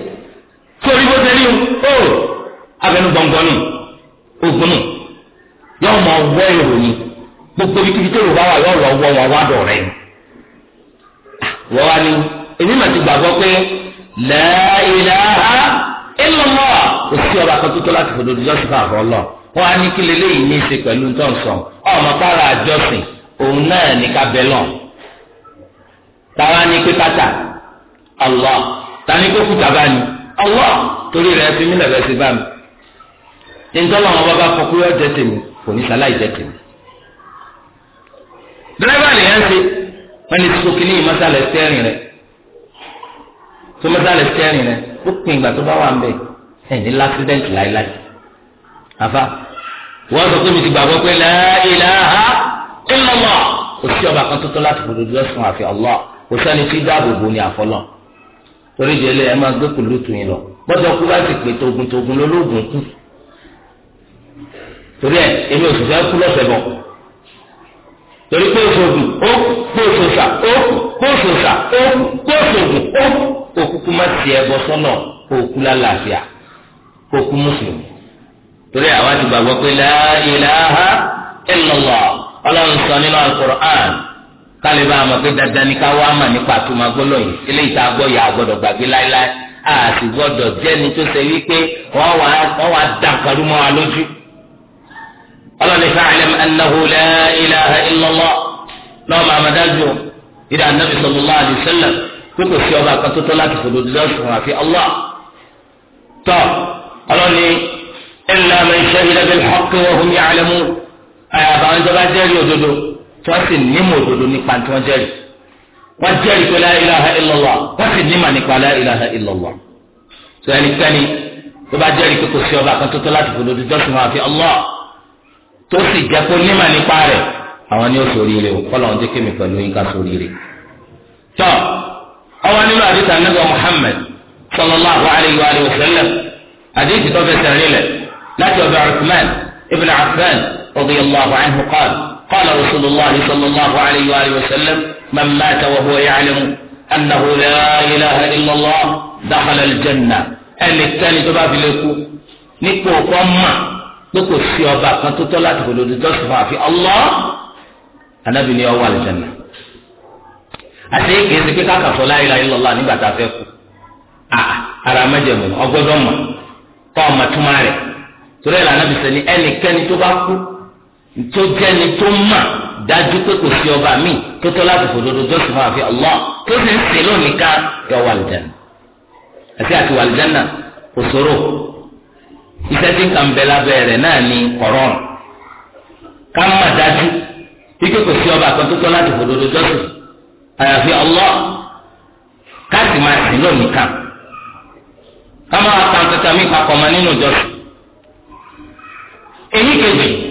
sórí bó ṣe rí o ó abẹnú gbọ̀ngàn nù ogun nù yóò mọ wọ ìròyìn gbogbo ibi tí yorùbá wà yóò lọ wọ wọn wá dọ̀ rẹ wọ́n wá ní èmi mà ti gbàgbọ́ pé la ilaha illallah òsì ọba kan tó tó láti fòdò ìjọsìn fún àgọ́ lọ wọ́n á ní kí leléyìí ní í ṣe pẹ̀lú ntọ́nsán ọmọ kára àjọsìn òun náà ní ká lọ táwa ní pé pátá tani kó kú tàbá ni. Allah torí rẹ̀ fi mí lẹ̀bẹ̀ sí bá mi nítorí àwọn bàbá fọkú yọ jẹ tèmi kò ní sáláì jẹ tèmi. dírẹ́bà nìyẹn ń ṣe wọ́n ní ní ìmọ̀sálẹ̀ stẹ́rìn rẹ̀ tó mọ̀sálẹ̀ stẹ́rìn rẹ̀ ó pin ìgbà tó bá wà ń bẹ̀ ẹ̀ ní àfa sọ pé mi ti pé kò sí ọba kan tó láti àfi kò sẹ́ni tí dáàbò torí ìdílé ẹ máa gbé kùlùtù yín lọ gbọ́dọ̀ kú bá ti pè togun togun lológun kú torí ẹ èmi ò sì fẹ́ kú lọ́sẹ̀ bọ̀ torí pé oṣoògùn ó pé oṣooṣà ó pé oṣooṣà ó pé oṣoògùn ó kó kúkú má tiẹ̀ bọ sọ́nà kó kú lálàáfíà kó kú mùsùlùmí torí àwa ti gbàgbọ́ pé la ilaha illallah ọlọ́run sọ nínú al-Qur'an kálí bá a mọ̀ pé dandan ni ká wá mà nípa àtúmọ̀ gbọ́lọ̀ yìí eléyìí tá a gbọ́ yà á gbọ́dọ̀ gbàgbé láéláé a sì gbọ́dọ̀ jẹ́ni tó ṣe wípé wọ́n wà wọ́n wà dàkàrú mọ́ wa lójú. ọlọ́ni fa'lam annahu la ilaha illallah lọ́wọ́ máa máa dájú ìdá anábì sallallahu alaihi wasallam pé kò sí ọba kan tó tọ́ láti fòdò lọ́sùn àfi Allah. tọ́ ọlọ́ni illa man shahida bil tí wọ́n sì nímọ̀ òdodo nípa tí wọ́n jẹ́rìí wọ́n jẹ́rìí pé la ilaha illallah wọ́n sì nímọ̀ nípa la ilaha illallah tó ẹnikẹ́ni tó bá jẹ́rìí pé kò sí ọba kan tó tó láti fòdò tó jọ́sìn wọn àfi Allah tó sì jẹ́ kó nímọ̀ nípa rẹ̀ àwọn ni ó sórí rẹ̀ kọ́lọ̀ ọ̀dẹ́ kémi pẹ̀lú yín ká sórí rẹ̀ tó ọwọ́ nínú àdìsá nígbà Muhammad sallallahu alayhi wa sallam àdìsí tó fẹsẹ̀ rinlẹ̀ láti ọ̀dọ̀ قال رسول الله صلى الله عليه وآله وسلم من مات وهو يعلم أنه لا إله إلا الله دخل الجنة ẹnì kẹ́ni tó bá fi lè kú nípò kan mà ló kò sí ọba kan tó tọ́ láti kò lòdì jọ́sìn fún àfi Allah anábì ni ọwọ́ àlùjànnà àti kìí ṣe pé káàkà sọ la ilaha illallah nígbà tá a fẹ́ kú ah, ara mẹ́jẹ̀mú ọgbọ́dọ̀ mọ̀ kọ́ ọmọ túmọ̀ rẹ̀ torí ẹ̀ lànà bìsẹ̀ ni ẹnì kẹ́ni tó bá kú tó jẹ́ni tó mà dájú pé kò sí ọba mi tó tọ́ láti fòdodo jọ́sìn fún àfi Allah tó sì ń sè lónìí ká yọ wàlìjánà àti àti wàlìjánà kò sòrò iṣẹ́ tí nǹkan bẹ lábẹ́ rẹ̀ náà ni ọ̀rọ̀rùn ká mà dájú pé kò sí ọba kan tó tọ́ láti fòdodo jọ́sìn àyàfi Allah ká sì máa sè lónìí ká ká máa kàn kankan mi papọ̀ mọ́ nínú jọ́sìn èyí kejì.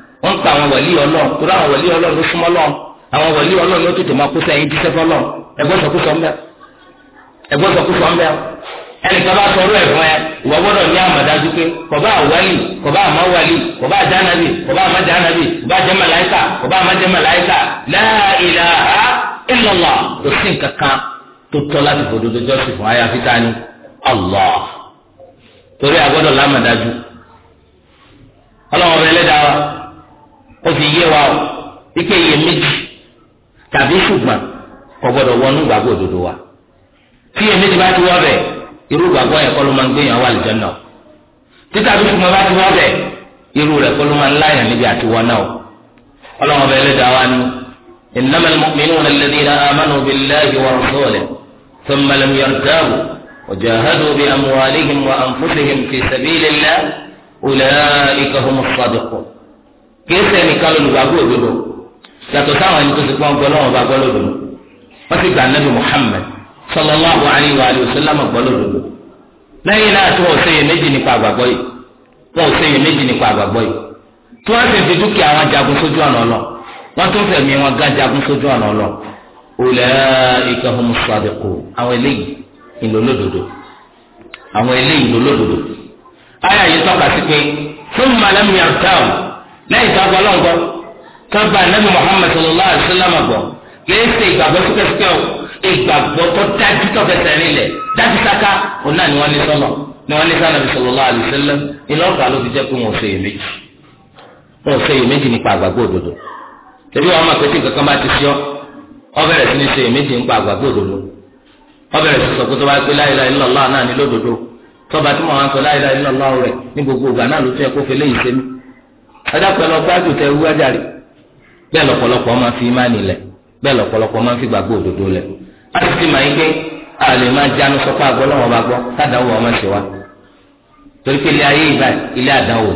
wọ́n ń pa àwọn wàlíì ọlọ́ọ̀ torí àwọn wàlíì ọlọ́ọ̀ ló súnmọ́ lọ́ọ̀ àwọn wàlíì ọlọ́ọ̀ ló tètè máa kó sẹ́yìn jíṣẹ́ fọ́lọ́ ẹgbọ́sọkúsọ ńbẹ ẹgbọ́sọkúsọ ẹnìkan bá sọ̀rọ̀ ẹ̀ ẹ ìwọ gbọ́dọ̀ ní àmàdájú pé kọ̀bá àwálì kọ̀bá b'a kọ̀bá àjánàbì kọ̀bá àmàjánàbì kọ̀bá àjẹmàláìkà kọ̀bá àmàjẹmàláìkà la ilaha illallah kò tó tọ́ láti fòdodo jọ́sìn fún ayé afíta ni Allah torí wa. ó sì yé wa o ike iye méjì tàbí ṣùgbọ́n kò gbọ́dọ̀ wọnú ìgbàgbọ́ òdodo wa tí iye méjì bá ti wọ́ bẹ̀ irú ìgbàgbọ́ yẹn kọ́ ló máa ń gbéyàn wà lìjọ́ náà tí tàbí ṣùgbọ́n bá ti wọ́ bẹ̀ irú rẹ̀ kọ́ ló máa ń láyàn níbi àti wọ́ náà ọlọ́run ọba ẹlẹ́dàá wa ni إنما المؤمنون الذين آمنوا بالله ورسوله ثم لم يرتابوا وجاهدوا بأموالهم وأنفسهم في سبيل الله أولئك هم الصادقون kìí ṣe nìkan lọ́lùgbàgbọ́ òdodo yàtọ̀ sáwọn ẹni tó ti pọ́n gbọ́ lọ́wọ́ bá gbọ́ lódodo wọ́n ti gbà nẹ́bí Muhammad sallallahu alayhi wa sallam gbọ́ lódodo lẹ́yìn náà tí wọ́n ṣe yẹ méjì nípa àgbàgbọ́ yìí wọ́n ṣe yẹ méjì nípa àgbàgbọ́ yìí tí wọ́n sì fi dúkìá wọn jagun sójú ọ̀nà ọlọ wọ́n tún fẹ̀mí wọn gán jagun sójú ọ̀nà ọlọ ulaika humus sadiqun àwọn eléyìí ìlólódodo àwọn lẹ́yìn tó agbọ́lọ́ ńgọ́ sábà nàbì Muhammad sallallahu alayhi wa sallam gbọ́ kìí ṣe ìgbàgbọ́ síkẹ́síkẹ́ o ìgbàgbọ́ tó dájú tó fẹsẹ̀ nílẹ̀ dájú sáká òun náà ni wọ́n ní sọ́nà ni wọ́n ní sọ́nà bí sallallahu alayhi ilé ọ̀gá ló fi jẹ́ pé wọ́n ṣe èméjì wọ́n ṣe nípa àgbàgbọ́ òdodo wọn máa ẹ̀dàpẹ̀ lọ gbájú tẹ wú ajáre bẹ́ẹ̀ lọ́pọ̀lọpọ̀ máa fi má nílẹ̀ bẹ́ẹ̀ lọ́pọ̀lọpọ̀ máa fi gbàgbọ́ òdodo lẹ̀ láti fi màá yí pé a lè máa jánu sọpá àgọ́ lọ́wọ́ bá gbọ́ sádàwọ̀ ọmọ ṣe wa torí pé ilé ayé ìbá ilé àdánwò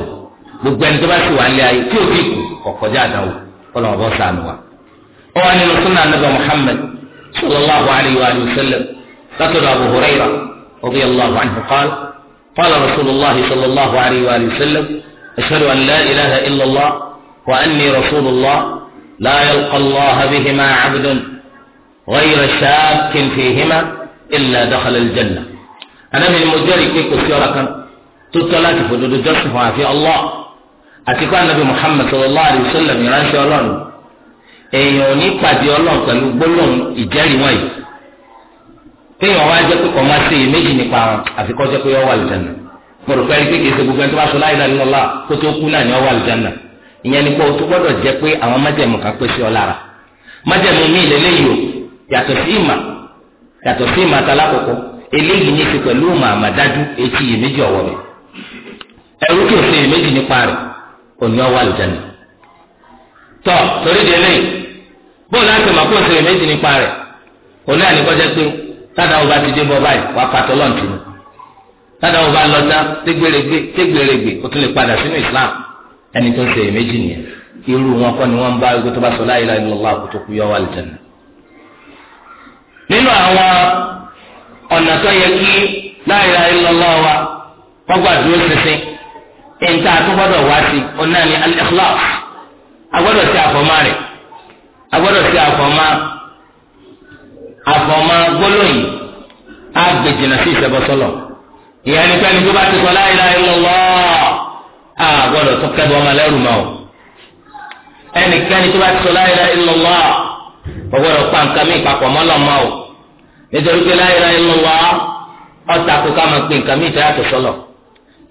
gbogbo ẹni tó bá sì wà ilé ayé tí òbí kù kọ̀kọ́jà àdánwò kọ́lọ́wọ́ bọ́ sànù wa. ó wà nínú súnà anábà Muhammad sallallahu alayhi wa sallam látọ̀dọ̀ Abu Hurairah radiyallahu anhu qala qala rasulillah sallallahu alayhi wa sallam أشهد أن لا إله إلا الله وأني رسول الله لا يلقى الله بهما عبد غير شاك فيهما إلا دخل الجنة أنا من مجري كيف سيارة تتلاك فدود جرسها في الله أتكوى النبي محمد صلى الله عليه وسلم يرانشي الله èèyàn ò ní pàdé ọlọ́run pẹ̀lú gbólóhùn ìjẹ́rìí wọ̀nyí téèyàn wá jẹ́ pé kò má ṣe iyèméjì mo rò pé kìí ṣe gbogbo ẹni tó bá sọ láyé lálẹ́ lọ́la kó tó kú náà ni ọwọ́ wà ìyẹn ni pé o tó gbọ́dọ̀ jẹ́ pé àwọn májẹ̀mú kan pèsè ọ lára májẹ̀mú mi lélẹ́yìí o yàtọ̀ sí ìmà yàtọ̀ sí ìmà talákòókò eléyìí ní ti pẹ̀lú ìmà àmàdájú etí ọ̀wọ́ ẹrú ṣe nípa rẹ̀ tọ́ torí tádà wọn bá lọ tán tégbèrègbè tégbèrègbè ó tún lè padà sínú islam ẹni tó ń ṣe èméjì nìyẹn irú wọn kọ́ ni wọ́n ń bá wípé tó bá sọ la ilaha illallah àkótó kú yọ wà lìjẹ̀nà. nínú àwọn ọ̀nà tó yẹ kí la ilaha illallah wa wọ́n gbà dúró sísìn ìta tó gbọ́dọ̀ wá sí ọ̀nà ni agbọ́dọ̀ sí àfọ̀mọ́ rẹ̀ agbọ́dọ̀ sí àfọ̀mọ́ àfọ̀mọ́ gbólóyìn á gbèjìnà sí ìṣẹ́bọ̀sọ́lọ̀ ìyẹn ní pẹ́ni tó bá ti sọ la ilaha illallah a gbọ́dọ̀ tó kẹ́bọ̀ ọmọ lẹ́rù mọ́ o ẹnikẹ́ni tó bá ti sọ la ilaha illallah kò gbọ́dọ̀ pa nǹkan mi papọ̀ mọ́ lọ́mọ́ o nítorí pé la ilaha illallah ọ̀tà kó ká máa pe nǹkan mi ìtẹ́yàtọ̀ sọ́lọ̀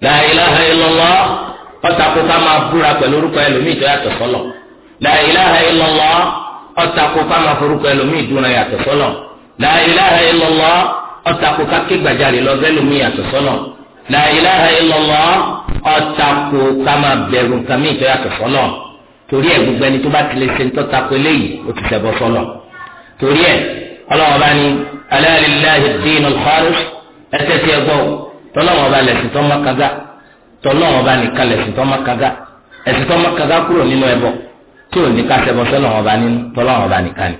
la ilaha illallah ọ̀tà kó ká máa búra pẹ̀lú orúkọ ẹlòmíì ìtẹ́yàtọ̀ sọ́lọ̀ la ilaha illallah ọ̀tà ọtakò káké gbàjarè lọ bẹ́ẹ̀ lómi yàtọ̀ sọ́nà la ilaha illallah ọtakò kama bẹ̀rù kàmí ìtọ́ yàtọ̀ sọ́nà torí ẹ̀ gbogbo ẹni tó bá tilẹ̀ ṣe ń tọ́takò eléyìí ó ti ṣẹbọ sọ́nà torí ẹ̀ ọlọ́wọ́n bá ní ala lillahi ad-dinul khalis ẹsẹ̀ tí ẹ gbọ́ tọ́lọ́wọ́n bá lẹ̀sìn tó má kaga tọ́lọ́wọ́n bá nìkan lẹ̀sìn tó má kaga ẹ̀sìn tó má kaga kúrò nínú ẹbọ tí ò ní ká ṣẹbọ sọ́lọ́wọ́n bá nínú tọ́lọ́wọ́n bá nìkan ni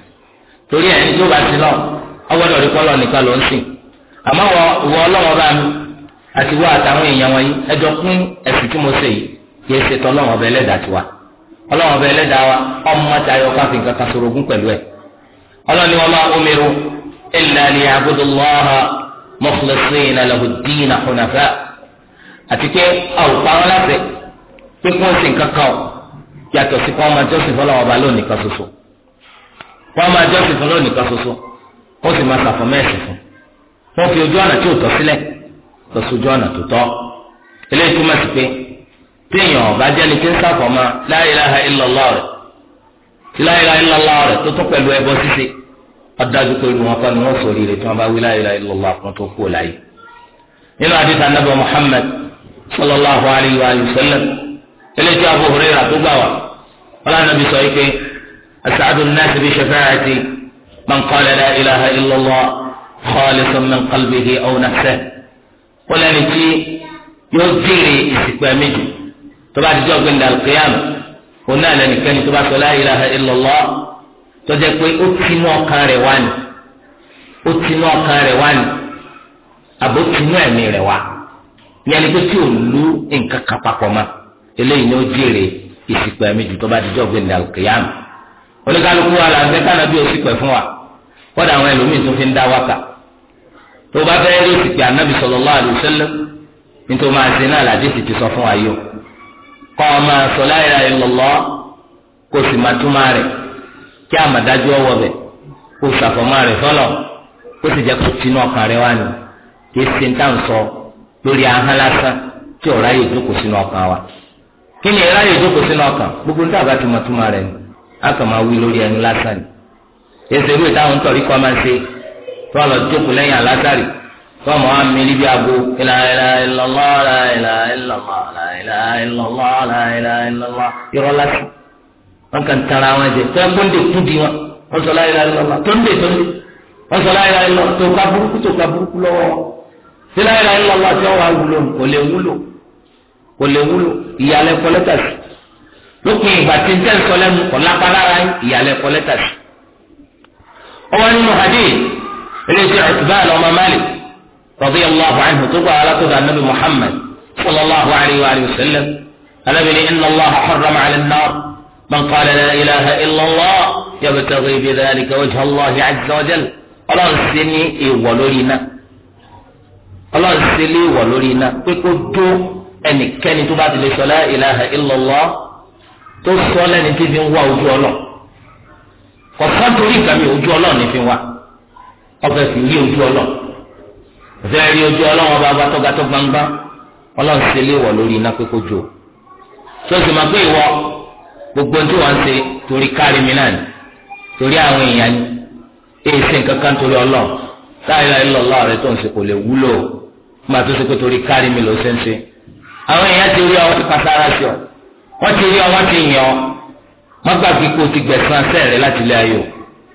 torí ẹ̀ ní tó bá ti lọ ọgbọ́dọ̀ rí kọ́lọ́ nìkan ló ń sìn àmọ́ wọ wọ ọlọ́wọ́ bá mi àti wọ àtàwọn èèyàn wọ̀nyí ẹjọ́ pín ẹ̀sìn tí mo ṣe yìí tiwa ọlọ́wọ́ bẹ ẹlẹ́dàá wa ọmọ tayọ káfíń kankan sorogún pẹ̀lú ẹ̀ wọn máa omeru illa ni mukhlisina lahu ddina hunafa àti pé wọ́n fi ojú ọ̀nà tí ò tọ́ sílẹ̀ lọ sí ojú ọ̀nà tó tọ́ eléyìí túmọ̀ sí pé téèyàn ọ̀bá jẹ́ni tí ń sàfọ̀mọ́ la ilaha illallah rẹ̀ tí la ilaha illallah rẹ̀ tó tún pẹ̀lú ẹbọ ṣíṣe ọ̀dájú pé wọn kọ́ ni wọ́n sọ rírẹ̀ tí wọ́n bá wí la ilaha kan tó kú láyé nínú àdìsá nàbẹ Muhammad sallallahu alayhi wa sallam eléyìí Abu Hurairah tó gbà wá wọn lànà خالص من قلبه aw نفسه wọ́n lẹ́ni tí yóò jèrè ìsìnkú ẹ̀mí jù tó bá dijọ́ gbé ndàlù kìyàm òun náà lẹ́nìkẹ́ni tó bá sọ la ilaha illallah tó jẹ́ pé ó tinú ọkàn rẹ̀ wá yẹni pé tí ò lu nǹkan kan papọ̀ mọ́ eléyìí ni ó jèrè ìsìnkú ẹ̀mí jù tó bá dijọ́ gbé ndàlù kìyàm oníkálukú wa là kánà bí ó sì pẹ̀ fún wa kọ́dà àwọn ẹlòmíì tó fi ń dá wákà tó bá fẹ́ rí òsì anabi sallallahu alaihi wasallam nítorí máa ṣe náà làdí sì ti sọ fún wa o kọ́ ọ máa sọ la ilaha kó sì máa túmọ̀ rẹ̀ kí àmàdájú ọwọ́ bẹ̀ kó sàfọ̀mọ́ rẹ̀ fọlọ̀ kó sì jẹ́ kó tinú ọkàn rẹ̀ wá ní kí ṣe ń tà ń sọ lórí ahọ́n lásán tí ọ̀rá wa kí ni jókòó sínú gbogbo ní tàbá ti túmọ̀ rẹ̀ ni a kàn máa wí lórí ẹnu tó a lọ jókòó lẹ́yìn alásàrì tó a mọ̀ á mi níbi àgbo la ilaha illallah la ilaha illallah la ilaha illallah la ilaha illallah yọrọ láti wọn kàn tara wọn jẹ tó a gbọ́n de kú di wọn wọn sọ la ilaha illallah tó ń de tó ń de wọn sọ la ilaha illallah tó ká burúkú tó ká burúkú lọ́wọ́ sí la ilaha illallah tí wọn wà wúlò kò lè wúlò kò lè wúlò ìyàlẹ̀ kọ́lẹ́tà sí ìgbà tí ń tẹ́ lẹ́nu kọ̀ ìyàlẹ̀ kọ́lẹ́tà ọwọ́ nínú hadith eléyìí Uthman ọmọ Malik radiyallahu anhu tó gba alákòóso anabi Muhammad sallallahu alayhi wa sallam anabini inna Allaha harrama ala an-nar man qala la ilaha illa Allah yabtaghi bi dhalika wajha Allahi azza wa jalla ọlọ́run sí ní ìwọ̀ lórí iná ọlọ́run sí ní ìwọ̀ lórí iná pé kó dó ẹnikẹ́ni tó bá ti lè sọ la ilaha illallah tó sọ lẹ́ni tí fi ń wá ojú ọlọ́ kọ̀ọ̀kan torí ìgbà mi ojú ọlọ́ ni fi wá ọfẹ sì rí ojú ọlọ ọfẹ rí ojú ọlọ wọn bá bá tọgatọ gbangba Ọlọ́run ṣe lé wọ lórí iná pé jò sọsì máa pé ìwọ gbogbo tí wọn ṣe torí kárí mi náà ni torí àwọn èèyàn ni èyí ṣe nǹkan kan torí ọlọ láì láì lọ lọ rẹ tó ń ṣe kò lè wúlò má tó ṣe pé torí kárí mi ló ṣe ń ṣe àwọn èèyàn ti rí ọ wọn ti pàṣára sí ọ wọn ti rí ọ wọn ti yàn ọ wọn gbàgbé kó o ti gbẹ̀san sẹ́ẹ̀rẹ́ láti ilé ayò.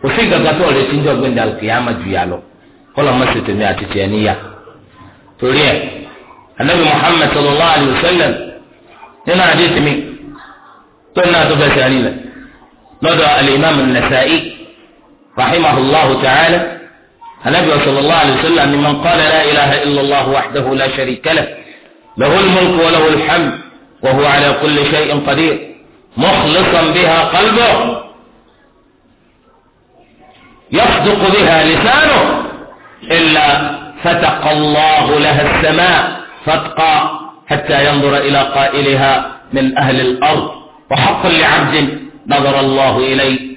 òfin gàgà tó ọ̀rẹ́ tí ń jọ gbẹ̀ndà òkè á ama ju yà lọ kọ́lọ̀ má ṣètò mi àti tiẹ̀ níyà torí ẹ̀ anabi muhammed sallallahu alayhi wa sallam nínú àdé tèmi tó náà tó lẹ nílẹ̀ lọ́dọ̀ al-imam an-nasa'i rahimahullahu ta'ala anabi sallallahu alayhi wa sallam ni man qala la ilaha illallah wahdahu la sharika lah lahul mulku wa lahul hamd wa huwa ala kulli shay'in qadir mukhlisan biha qalbahu. يصدق بها لسانه إلا فتق الله لها السماء فتقى حتى ينظر إلى قائلها من أهل الأرض وحق لعبد نظر الله إليه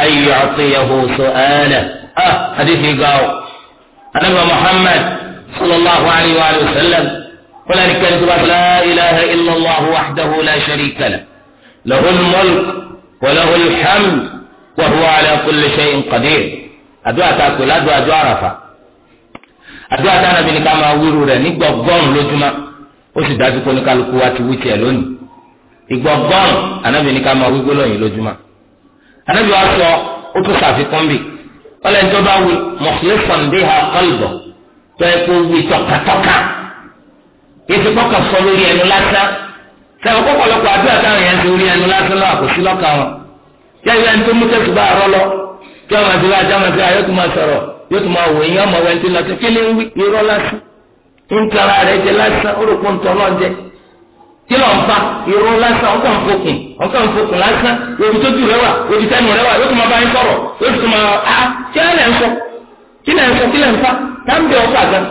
أن يعطيه سؤاله أه حديث قاو أنبى محمد صلى الله عليه وآله وسلم ولذلك كانت لا إله إلا الله وحده لا شريك له له الملك وله الحمد wa huwa ala kulli shay'in qadir àdúrà tá a pè ládùú àjọ àràfà àdúrà tá a nàbí ni ká máa wíru rẹ̀ ní gbọ̀gbọ́n lójúmọ́ ó sì dájú pé oníkálukú wa ti wí tiẹ̀ lónìí ìgbọ̀gbọ́n ànábì ni ká máa wí gbólóyìn lójúmọ́ ànábì wa sọ ó tún ṣàfikún bì ọlẹ́ni tó bá wí mukhlisan biha qalbuh tó yẹ kó wí tọkàtọkà ètò kọ́kà sọ lórí ẹnu lásán sẹ́wọ̀n kọ́kọ́lọ́kọ́ àdúrà táwọn yẹn ń sọ lórí ẹnu lásán lọ́wọ́ àkòsí lọ́kàn wọn kẹ́yìn ẹni tó mú tẹ̀sí bá àárọ̀ lọ kí ọmọ àti ìlà àjàmọ̀ sí ayé tó máa sọ̀rọ̀ yóò tó máa wò yín ọmọ wẹ̀ ntí lọ́sẹ̀ kí ni ń wí irọ́ lásán ń tara rẹ̀ jẹ lásán ó rò pé ń tọ́ lọ́ jẹ kí ló ń fa irọ́ lásán ọkọ̀ ń fokùn ọkọ̀ ń fokùn lásán òbí tó jù rẹ wà òbí tẹnu rẹ wà yóò tó máa bá yín sọ̀rọ̀ yóò tó máa a kí lẹ̀ ń sọ kí lẹ̀ ń sọ kí lẹ̀ ń fa táǹbì ọ̀fà gan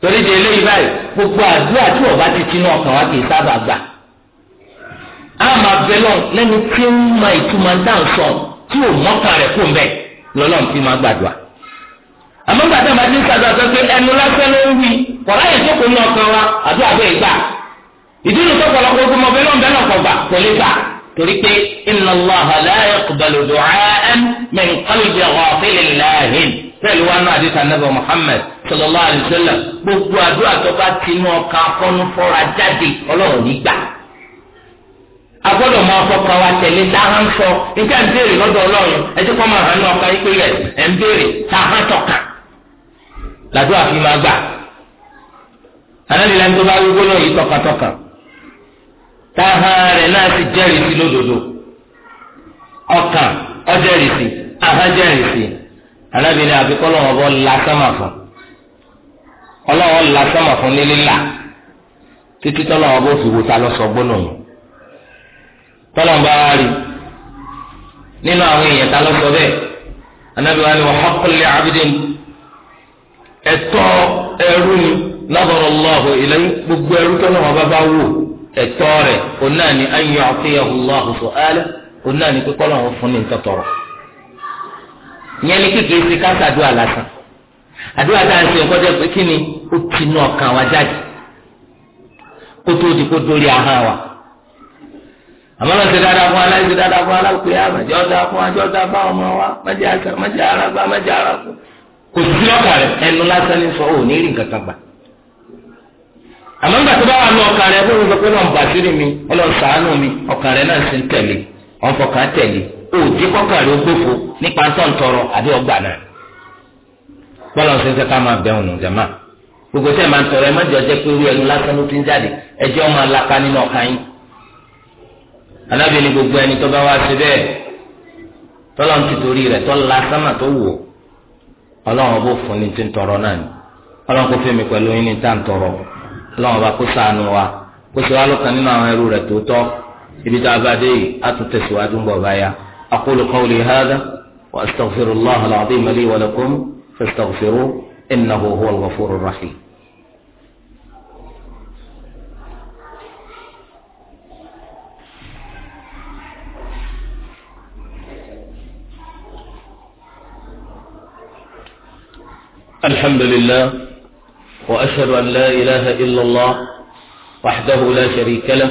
torí de eléyìí báyìí gbogbo àdúrà tí ọba ti tinú ọkàn wa kì í sábà gbà a máa bẹ lọ lẹ́nu tí ń ma ìtumọ̀ dáǹsọ̀ tí ò mọ́ta rẹ̀ kó mbẹ́ lọ́lọ́run fi máa gbàdúrà. àmọ́ gbàdúrà máa ti ń sàdúrà sọ pé ẹnu lásán ló ń wí kọ̀ọ̀rọ̀ yẹn tó kò ní ọkàn wa àdúrà bẹ́ẹ̀ gbà. ìdí tó kọ̀ọ̀lọ́ kó mọ̀ bẹ́ẹ̀ náà kọ̀ gbà kò gbà torí pé inna Allaha la yaqbalu du'a'an a gbọ́dọ̀ máa fọkàn wa tẹ̀lé táwọn sọ nígbà ń béèrè lọ́dọ̀ Ọlọ́run ẹ ti kọ́ máa hàn ní ọkàn yìí pé yẹ ẹ ń béèrè táwọn tọkàn làdúrà fi máa gbà ànábìlẹ̀ ń tó bá wí gbọ́dọ̀ yìí tọkàntọkàn táwọn rẹ̀ náà sì jẹ́rìí sí lódodo ọkàn ọjẹ́rìí sí ahọ́n jẹ́rìí sí àbíkọ́lọ́ ọ̀bọ lásánmà fún ọlọ́wọ́ lásánmà fún nílílà títí tọ́lọ́wọ́ bó fi wò ta lọ́sọ̀ gbọ́nà yìí. tọ́lọ̀ ń bá wá rí nínú àwọn èèyàn ta ló sọ bẹ́ẹ̀ anabi ni wa haqqul abidin ẹ̀tọ́ ni gbogbo ẹrú tọ́lọ̀ wọn bá bá wò ẹ̀tọ́ rẹ̀ òun náà ni ya yu'tiyahu sọ ala òun náà ni tọrọ ìyẹn ni lásán àdúrà ni ó ti ọkàn wa jáde àmọ́ lọ́sẹ̀ dáadáa fún aláìsí dáadáa fún aláìsí àmọ́ ẹ̀jẹ̀ ọ̀dà fún ajọ́ ọ̀dà bá ọmọ wa mẹ́jẹ̀ àṣà mẹ́jẹ̀ arágbá mẹ́jẹ̀ arágbó kò sí lọ́kà rẹ̀ ẹnu lásán ní sọ òní rí nǹkan kan gbà. àmọ́ nígbà tó bá wà ní ọkàn rẹ̀ bóyá sọ pé wọ́n bà sí mi ọlọ́ sàánú mi ọkàn rẹ̀ náà sì ń tẹ̀lé ọ̀nfọ̀kàn tẹ̀lé òjì kọ́kàn rẹ̀ ó gbófo nípa tọ̀ntọ̀rọ̀ àbí ọgbà náà. bọ́lá ṣe ń sẹ́ká máa bẹ̀ ọ̀nà jàmá gbogbo tẹ̀ máa ń tọrọ ẹ má jẹ́ ọjẹ́ pé orí ẹnu lásán ló ti ń jáde ẹjẹ́ ọmọ alaka nínú ọkàn yín anábìrin gbogbo ẹni tó bá wá sí bẹ́ẹ̀ tọ́lọ́ ti torí rẹ̀ tọ́ la sámà tó wò ọlọ́run bó fún ni tí ń tọrọ náà ni ọlọ́run kò fẹ́mi pẹ̀lú yín ní tá ń tọrọ ọlọ́run bá kó ṣàánú wa kó ṣe wá lọ́kàn nínú mi pelu yin ni ta ẹrú rẹ̀ tó tọ́ ibi tá a bá dé yìí á tún tẹ̀síwájú ń bọ̀ báyà aqulu qawli hadha wa astaghfirullaha al-azim li wa lakum fastaghfiruhu innahu huwal ghafurur rahim. الحمد لله وأشهد أن لا إله إلا الله وحده لا شريك له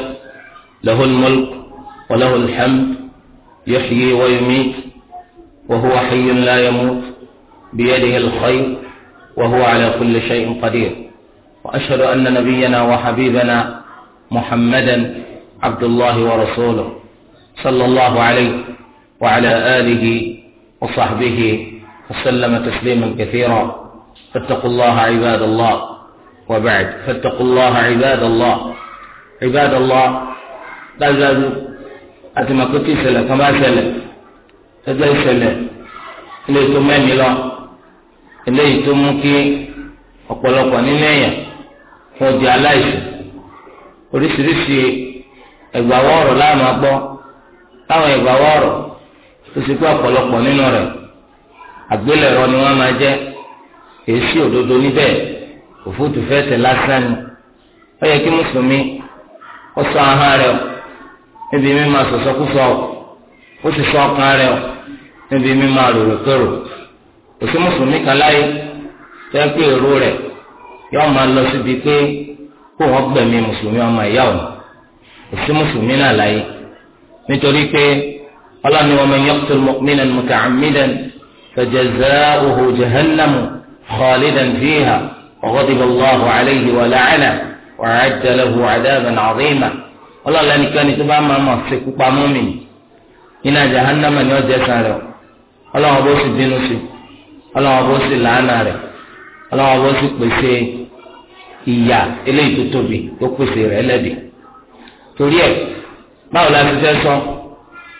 له الملك وله الحمد يحيي ويميت وهو حي لا يموت بيده الخير وهو على كل شيء قدير وأشهد أن نبينا وحبيبنا محمدا عبد الله ورسوله صلى الله عليه وعلى آله وصحبه وسلم تسليما كثيرا فاتقوا الله عباد الله وبعد فاتقوا الله عباد الله عباد الله dájúdájú àti màkútí ìṣẹ̀lẹ̀ kan bá ṣẹlẹ̀ ẹgbẹ́ ìṣẹ̀lẹ̀ eléyìí tó mẹ́ni lọ eléyìí tó mú kí ọ̀pọ̀lọpọ̀ nínú èèyàn fún ọdí aláìsàn oríṣiríṣi ẹgbàwọ́ ọ̀rọ̀ láàmú agbọ́ táwọn ẹgbàwọ́ ọ̀rọ̀ tó ṣe pé ọ̀pọ̀lọpọ̀ nínú rẹ̀ àgbélẹ̀rọ ni wọ́n máa jẹ́ èsì òdodo níbẹ̀ òfútu fẹsẹ̀ lásán ni ó yẹ kí mùsùlùmí ó sọ ahọ́n rẹ̀ o níbi mímọ sọ̀sọ́kúsọ ó sì sọ ọkàn rẹ̀ o níbi mímọ rorokoro òsì mùsùlùmí kan láyé fẹ́ pé èrò rẹ̀ yóò máa lọ síbi pé kó wọ́n gbẹ̀mí mùsùlùmí ọmọ ìyá òun òsì mùsùlùmí náà láyé nítorí pé ọlọ́ni wa man yaqtul mu'minan muta'ammidan fajaza'uhu jahannamu. خالدا فيها وغضب الله عليه ولعنه وأعد له عذابا عظيما ọlọ́run lẹ́ni kí ẹni tó bá máa mọ̀ sí pupa mọ́mì iná jahannama ni ọjà ẹ̀sán rẹ̀ ọlọ́run bó sì bínú sí ọlọ́run bó sì làánà rẹ̀ ọlọ́run bó sì pèsè ìyà eléyìí tó tóbi tó pèsè rẹ̀ lẹ́bi torí ẹ̀ báwo la ti fẹ́ sọ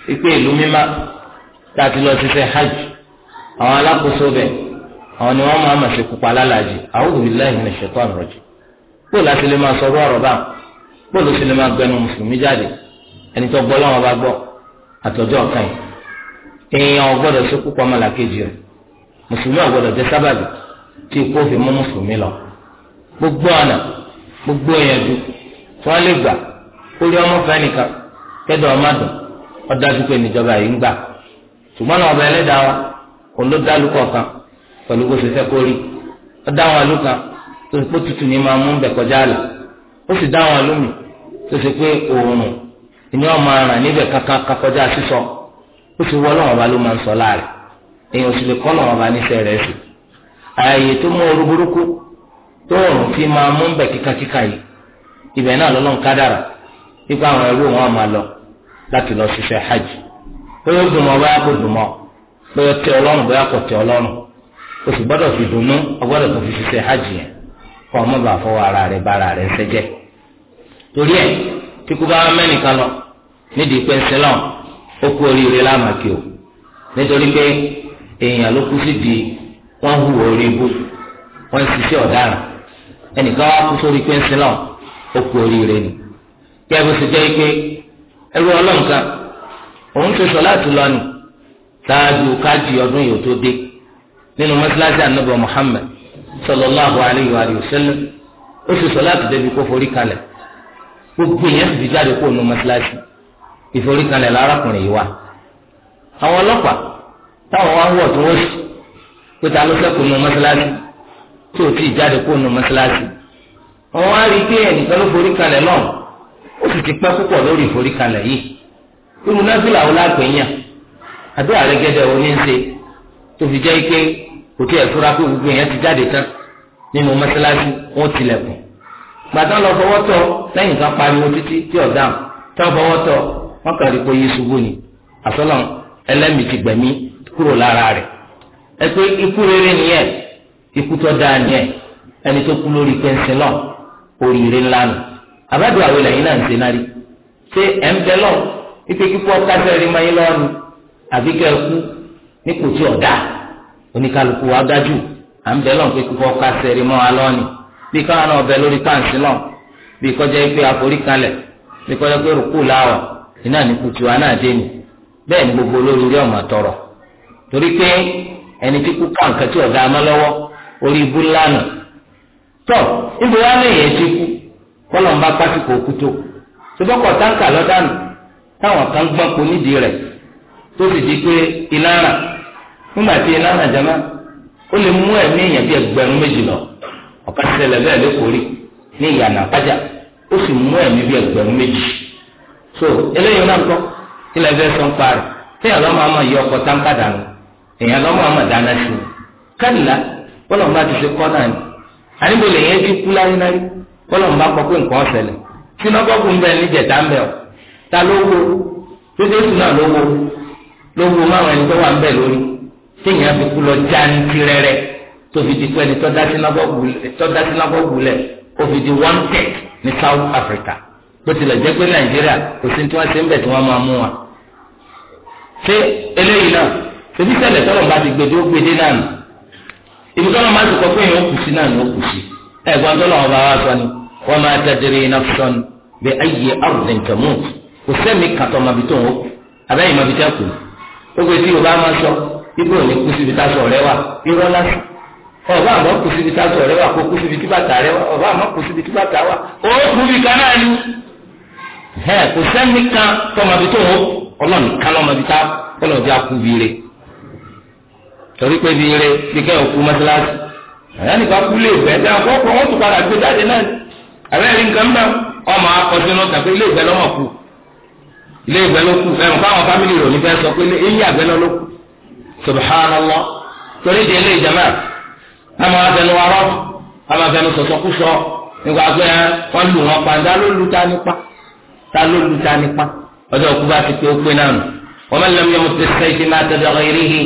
wípé ìlú mímá tá a ti lọ ti fẹ́ hajj àwọn alákòóso bẹ́ẹ̀ àwọn ni wọ́n máa ma ṣe pupa lálàjì a'udhu billahi minash shaitanir rajim bóòlù àti lè máa sọ̀rọ̀ ọ̀rọ̀ báà bóòlù sì lè máa gbẹnu mùsùlùmí jáde ẹni tó gbọ́ lọ́wọ́ bá gbọ́ àtọ́jọ́ ọ̀kan yìí èèyàn ọgbọ́dọ̀ ṣe pupa ọmọlàkejì rẹ̀ mùsùlùmí ọgbọ́dọ̀ jẹ́ sábàbí tí ikú òfin mú mùsùlùmí lọ gbogbo ọ̀nà gbogbo ìyànjú tí wọ́n lè gbà ó nìkan kẹ́dọ̀ ọmọ pẹ̀lú bó ṣe fẹ́ kó rí ó dá àwọn àlù kan tó ṣe pé tutù máa mú bẹ̀ kọjá àlà ó sì dá àwọn àlù mi tó ṣe pé ni ìní ọmọ aràn níbẹ̀ kankan kọjá sísọ ó sì wọ́ lọ́wọ́n ọba ló máa ń sọ láàrẹ̀ èèyàn sì lè kọ́ níṣẹ́ rẹ̀ sí ààyè tó mú burúkú tó fi máa mú bẹ̀ kíkakíka yìí ibẹ̀ náà wọn máa lọ láti lọ hajj bóyá ó dùn mọ́ bóyá kò dùn mọ́ bóyá tẹ ọlọ́run o sì gbọ́dọ̀ fi dùnú ọgbọ́dọ̀ tó fi ṣiṣẹ́ hajj yẹn kọ́ ọmọ bá fọwọ́ ara rẹ̀ bá ara rẹ̀ ṣẹ́jẹ́ torí ẹ̀ kíkú bá mẹ́nìkan lọ nídìí pé ṣẹlọ̀ ó kú oríire lámàkì o nítorí pé èèyàn ló kú sí di wọ́n hu orí ibú wọ́n ṣiṣẹ́ ọ̀daràn ẹnìkan wá kú sórí pé ṣẹlọ̀ ó kú oríire ni kí ẹ bó ṣe jẹ́ pé ẹrú ọlọ́nkan òun ṣe sọ láti lọ ni ṣáájú kájí ọdún yìí ó tó dé nínú mọ́sálásí anabi muhammed sallallahu alayhi wa sallam ó sì sọ láti débi kó forí kalẹ̀ gbogbo èèyàn sì ti jáde kó nu mọ́sálásí ìforí kalẹ̀ lárakùnrin yìí wá àwọn ọlọ́pàá táwọn wá ń wọ̀ tó wọ́n sì pé ta ló sẹ́kù nu mọ́sálásí tí ò jáde kó nu mọ́sálásí àwọn wá rí pé ẹnìkan ló forí kalẹ̀ náà ó sì ti pẹ́ púpọ̀ lórí ìforí kalẹ̀ yìí irun náà fi làwọn láàpẹ̀ yàn àbí àrẹ́gẹ́dẹ́ oníṣe tó fi jẹ́ pé kò tí ẹ̀ fura pé gbogbo èèyàn ti jáde tán nínú mọ́sálásí wọ́n tilẹ̀kùn gbàtà lọ fọwọ́ tọ lẹ́yìn kan pariwo títí tí ọ̀dà tó fọwọ́ tọ wọ́n kàn rí pé yé ṣubú ni àsọlọ ẹlẹ́mìí ti gbẹ̀mí kúrò lára rẹ̀ ẹ pé ikú rere nìyẹn ikú tó dáa nìyẹn ẹni tó kú lórí pẹ́ńsìn lọ oríire ńlá nù àbádọ àwọn ìlànà náà ń ṣe náà rí ṣé ẹ̀ ń bẹ lọ wípé kíkọ́ kásẹ̀ rí máa yín lọ́rùn àbíkẹ́ kú nípò tí ọ̀dà oníkálukú wa dájú à ń bẹ lọ́n pé kíkọ́ ká sẹ́rí mọ́ alọ́ọ̀nì bí káwọn náà bẹ lórí páǹsì náà bí kọjá pé àforí kalẹ̀ bí kọjá pé rúkú iná nípò tí wa náà dé ni gbogbo olórí rí ọ̀mà tọrọ torí pé ẹni tí kú ká nǹkan tí ọ̀dà má lọ́wọ́ orí ibú wa kú kọ́lọ̀ ń bá òkúto ṣùgbọ́kọ̀ táǹkà lọ́dánù táwọn kan gbọ́n po nídìí rẹ̀ tó sì di nígbà tí iná náà jama ó lè mú ẹ̀mí èèyàn bí ẹgbẹ̀rún méjì lọ ọ̀kan ṣẹlẹ̀ bẹ́ẹ̀ lẹ́kọ̀ọ́rì ní ìyànà pàjá ó sì mú ẹ̀mí bí ẹgbẹ̀rún méjì so eléyìí náà ilẹ̀ sọ ń téèyàn lọ́mọ àmọ̀ yọ ọkọ̀ táǹkà dànù èèyàn lọ́mọ àmọ̀ dáná sí i bọ́lọ̀mù bá ti ṣe kọ́ náà ni àníbo lè yẹn ti kú láyé náà rí bọ́lọ̀mù bá kọ́ pé nǹkan ọ̀sẹ̀lẹ̀ ń bẹ níjẹ̀ta ń bẹ ta ló wo tó dé sùn náà ló wo ló wo téèyàn fi kú lọ já ní tirẹrẹ tó fi di pẹ́ni tọ́dá sínágọ́gù lẹ̀ ó fi di one tech ní South Africa bó tilẹ̀ jẹ́ pé Nàìjíríà kò sí tí wọ́n ṣe ń bẹ̀ tí wọ́n máa mú wa. ṣé eléyìí náà ṣèbí sẹ́lẹ̀ tọ́lọ̀ bá ti gbèdé ó gbèdé náà nù ibi tọ́lọ̀ máa ti kọ́ pé èèyàn ó kù sí náà ni ó kù sí ẹ̀gbọ́n tọ́lọ̀ wọn bá sọ ni wọ́n máa tẹ̀dẹ̀rẹ̀ iná sọ́ni bí ayé àrùn tẹ̀mú kò sẹ́mi kàtọ́ màbí tó ń wọ́pọ̀ abẹ́yìn màbí tẹ́kù ó gbé tí Yorùbá máa sọ ibi ò ní kú síbi tá a sọ rẹ wà irọ́ lásán ọba àmọ́ kú síbi tá a ọrịa rẹ wà kó kú síbi tí bàtà rẹ wà ọba àmọ́ kú síbi tí bàtà wà ó ni ẹ kò sẹ́ni kan tọmọbi tó wọ kan lọ́mọbi tá subhanallah torí di ilé ìjàmá àmọ́ afẹnu arọ àmọ́ afẹnu sọsọkúsọ nígbà pé wọn lù wọn pa ta ló lu ta nípa ta ló lu ta nípa ọjọ́ òkú bá ti pé ó pé náà nù wọn bá lẹ́nu yẹmu ti sẹ́yìn tí máa tẹ̀lé ọ̀rẹ́ rí hi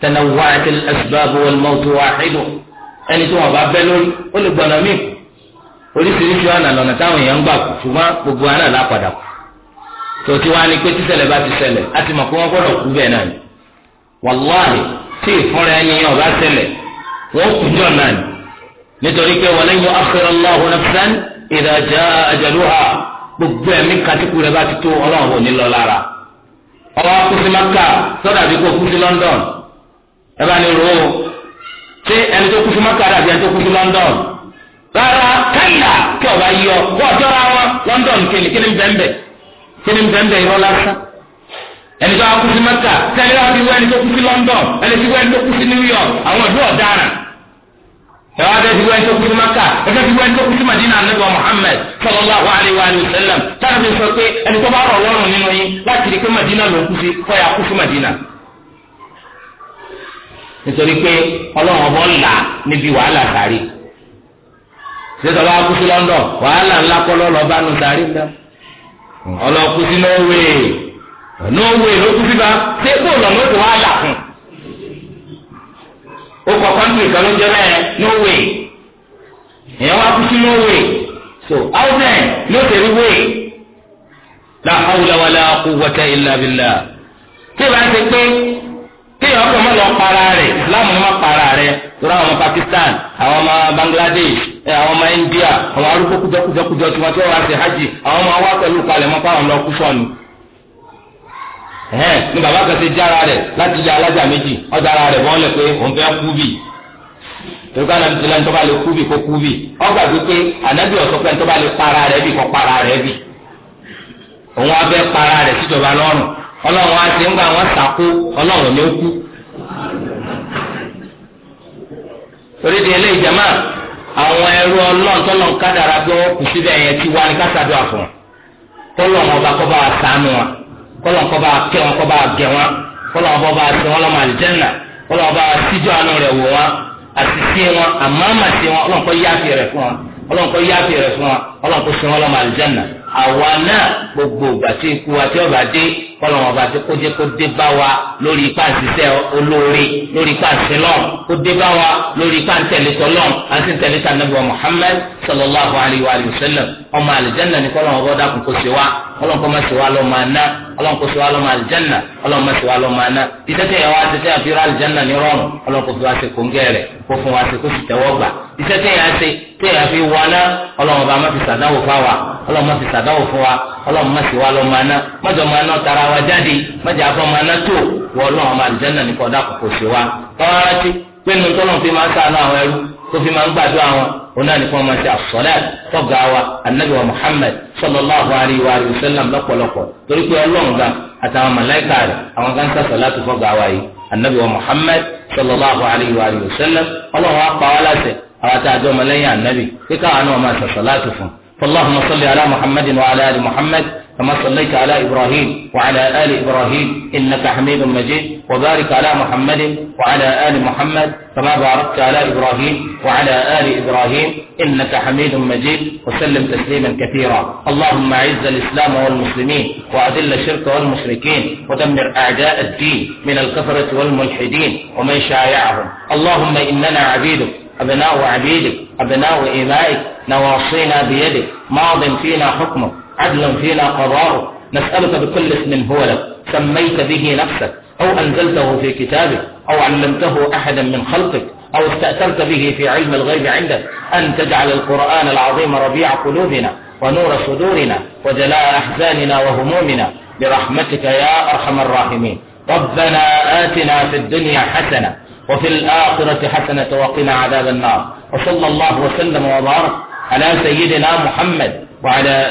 tẹ̀lé wáyé tí asibáàbò wọn mọ̀ tó tí wọn bá bẹ́ lórí ó lè gbọ́nà míì oríṣiríṣi ọ̀nà táwọn èèyàn ń gbà kú ṣùgbọ́n gbogbo àná làpàdà kù tòtí wá ní pé tíṣẹ̀lẹ̀ bá ti ṣẹlẹ̀ mọ̀ pé wọ́n gbọ́dọ̀ kú bẹ́ẹ̀ náà ni wàláhì tí ìfúnra ẹni yẹn ọba ṣẹlẹ̀ wọ́n kù jọ náà ni nítorí pé wọ́n lẹ́yìn akhira Allahu nafsan idha jaa ajaluha gbogbo ẹ̀mí katikù rẹ̀ bá ti tó ọlọ́run ò ní lọ lára ọba kú sí Maka sọ́dà bí kò kú sí London ẹ bá ní ro ṣé ẹni tó kú sí Maka dàbí ẹni tó kú sí London rárá kẹ́ńdà kí ọba yọ wọ́n jọra wọn London kìnnìkìnnì bẹ́ẹ̀ bẹ́ẹ̀ kìnnìkìnnì bẹ́ẹ̀ bẹ́ẹ̀ irọ́ lásán. ẹni tó akú sí maka sẹ́ni láti wọ ẹni tó kú sí London ẹni tó wọ ẹni New York àwọn ìlú ọ̀daràn ẹ wá ti wọ ẹni tó kú sí mẹ́kà ẹ ti wọ ẹni Madina anabi alayhi wa sallam fi sọ pé ẹni tó bá rọ̀ lọ́rùn nínú yín láti rí pé Madina ló kú sí Madina nítorí pé ọlọ́run ọbọ̀ ńlá níbi wàhálà sáré ṣètò kú sí London wàhálà ńlá kọ́ n'owó èlò kú bíbá ṣé kó lọ́nà ó ti wá là fún o kọ kọ́ńtì kan ló jẹ́ bẹ́ẹ̀ n'owó èèyàn wá kú sí n'owó so ọ̀sẹ̀ ló tẹ̀lé wé la hawla wala quwwata illa billah tí ìbá ti pé téèyàn kò mọ̀ lọ para rẹ̀ islam ni wọ́n para rẹ̀ lọ́wọ́ àwọn ọmọ Pakistan àwọn ọmọ Bangladesh eh, àwọn ọmọ India àwọn arúgbó kújọkújọkújọ tí wọ́n ti wá ṣe hajj àwọn ọmọ wa pẹ̀lú palẹ̀mọ́ fáwọn lọ kú sọ́ni. ẹhẹn ni bàbá kan ṣe jára rẹ̀ láti jẹ alájà méjì ọjà ara rẹ̀ bọ́n lẹ̀ pé òun fẹ́ kú bì tòkà náà ti lẹ́nu tó bá lè kú bì kó kú bì ọgbà pípé ànábì ọ̀sọ́ pé tó bá lè para rẹ̀ bì kó para rẹ̀ bì òun abẹ́ para rẹ̀ síjọba lọ́rùn ọlọ́run á ti ń sàkó ọlọ́run ni ó kú torí di ilé àwọn ẹrú kọ́lọ̀ kọ́ bá kẹ́ wọn kọ́ bá gẹ̀ wọn kọ́lọ̀ kọ́ bá tẹ wọn lọ́mọ àlìjẹ́nà kọ́lọ̀ bá síjọ́ àánú rẹ̀ wò wọn àti sí wọn àmọ́ àmà sí wọn ọlọ́run kọ́ yáàfì rẹ̀ fún wọn ọlọ́run kọ́ yáàfì rẹ̀ fún wọn ọlọ́run kọ́ sí wọn lọ́mọ àlìjẹ́nà àwa náà gbogbo ìgbà tí ikú wa tí ọba dé kọlọ́wọ́n ọba tí kó jẹ́ kó dé bá wa lórí ipá ṣiṣẹ́ olóore lórí ipá sílọ̀ kó dé bá wa lórí ipá ntẹ̀lẹ́tọ̀ lọ́n àti ntẹ̀lẹ́tọ̀ anabi wa muhammed sallallahu alayhi wa sallam ọmọ alìjẹ́nà ni kọlọ́wọ́n ọba dàkún kó ṣe wa ọlọ́n kó má ṣe wa lọ́ọ́ máa ná ọlọ́n kó ṣe wa lọ́ọ́ máa alìjẹ́nà ọlọ́n má ṣe wa lọ́ọ́ máa ná ìtẹ́tẹ́ yẹn wá tẹ́tẹ́ àfihàn alìjẹ́nà ní rọrùn ọlọ́n kó fi wá ṣe kóńgẹ́ rẹ̀ kó fún wa ṣe kó sì tẹ́wọ́ gbà ìtẹ́tẹ́ yẹn á ṣe téèyàn fi wọná ọlọ́wọ́n ọba má fi sàdáwò fún wa má fi sàdáwò fún wa ọlọ́wọ́n má ṣe wa lọ́ọ́ máa ná mọ́jọ́ máa ná tara wa jáde mẹjẹ afọmọ anátó wọ Ọlọ́run ọmọ àlùjẹnà ní kọdá kòkò sí wa kọ́ńtì pinnu tọ́lọ̀ fi máa ń sànú àwọn ẹrú tó fi máa ń gbàdúrà wọn òun náà ní kí wọ́n máa ṣe àsọ̀lá tọ́gà wa anabi wa Muhammad sallallahu alayhi wa sallam lọ́pọ̀lọpọ̀ torí pé Ọlọ́run gan àtàwọn màláìkà rẹ̀ àwọn kan ń sàsọ̀lá tó fọ́gà wa yìí anabi wa Muhammad sallallahu alayhi wa sallam Ọlọ́run apá wa àwọn àtàjọ mọ̀lẹ́yìn anabi kíkà àwọn náà máa sàsọ̀lá fún fọlọ́hùn mọ́sálẹ̀ alá Muhammadin wa alá ali Muhammad كما صليت على إبراهيم وعلى آل إبراهيم إنك حميد مجيد وبارك على محمد وعلى آل محمد كما باركت على إبراهيم وعلى آل إبراهيم إنك حميد مجيد وسلم تسليما كثيرا اللهم أعز الإسلام والمسلمين وأذل الشرك والمشركين ودمر أعداء الدين من الكفرة والملحدين ومن شايعهم اللهم إننا عبيدك أبناء عبيدك أبناء إمائك نواصينا بيدك ماض فينا حكمك عدل فينا قضاؤه نسألك بكل اسم هو لك سميت به نفسك أو أنزلته في كتابك أو علمته أحدا من خلقك أو استأثرت به في علم الغيب عندك أن تجعل القرآن العظيم ربيع قلوبنا ونور صدورنا وجلاء أحزاننا وهمومنا برحمتك يا أرحم الراحمين ربنا آتنا في الدنيا حسنة وفي الآخرة حسنة وقنا عذاب النار وصلى الله وسلم وبارك على سيدنا محمد وعلى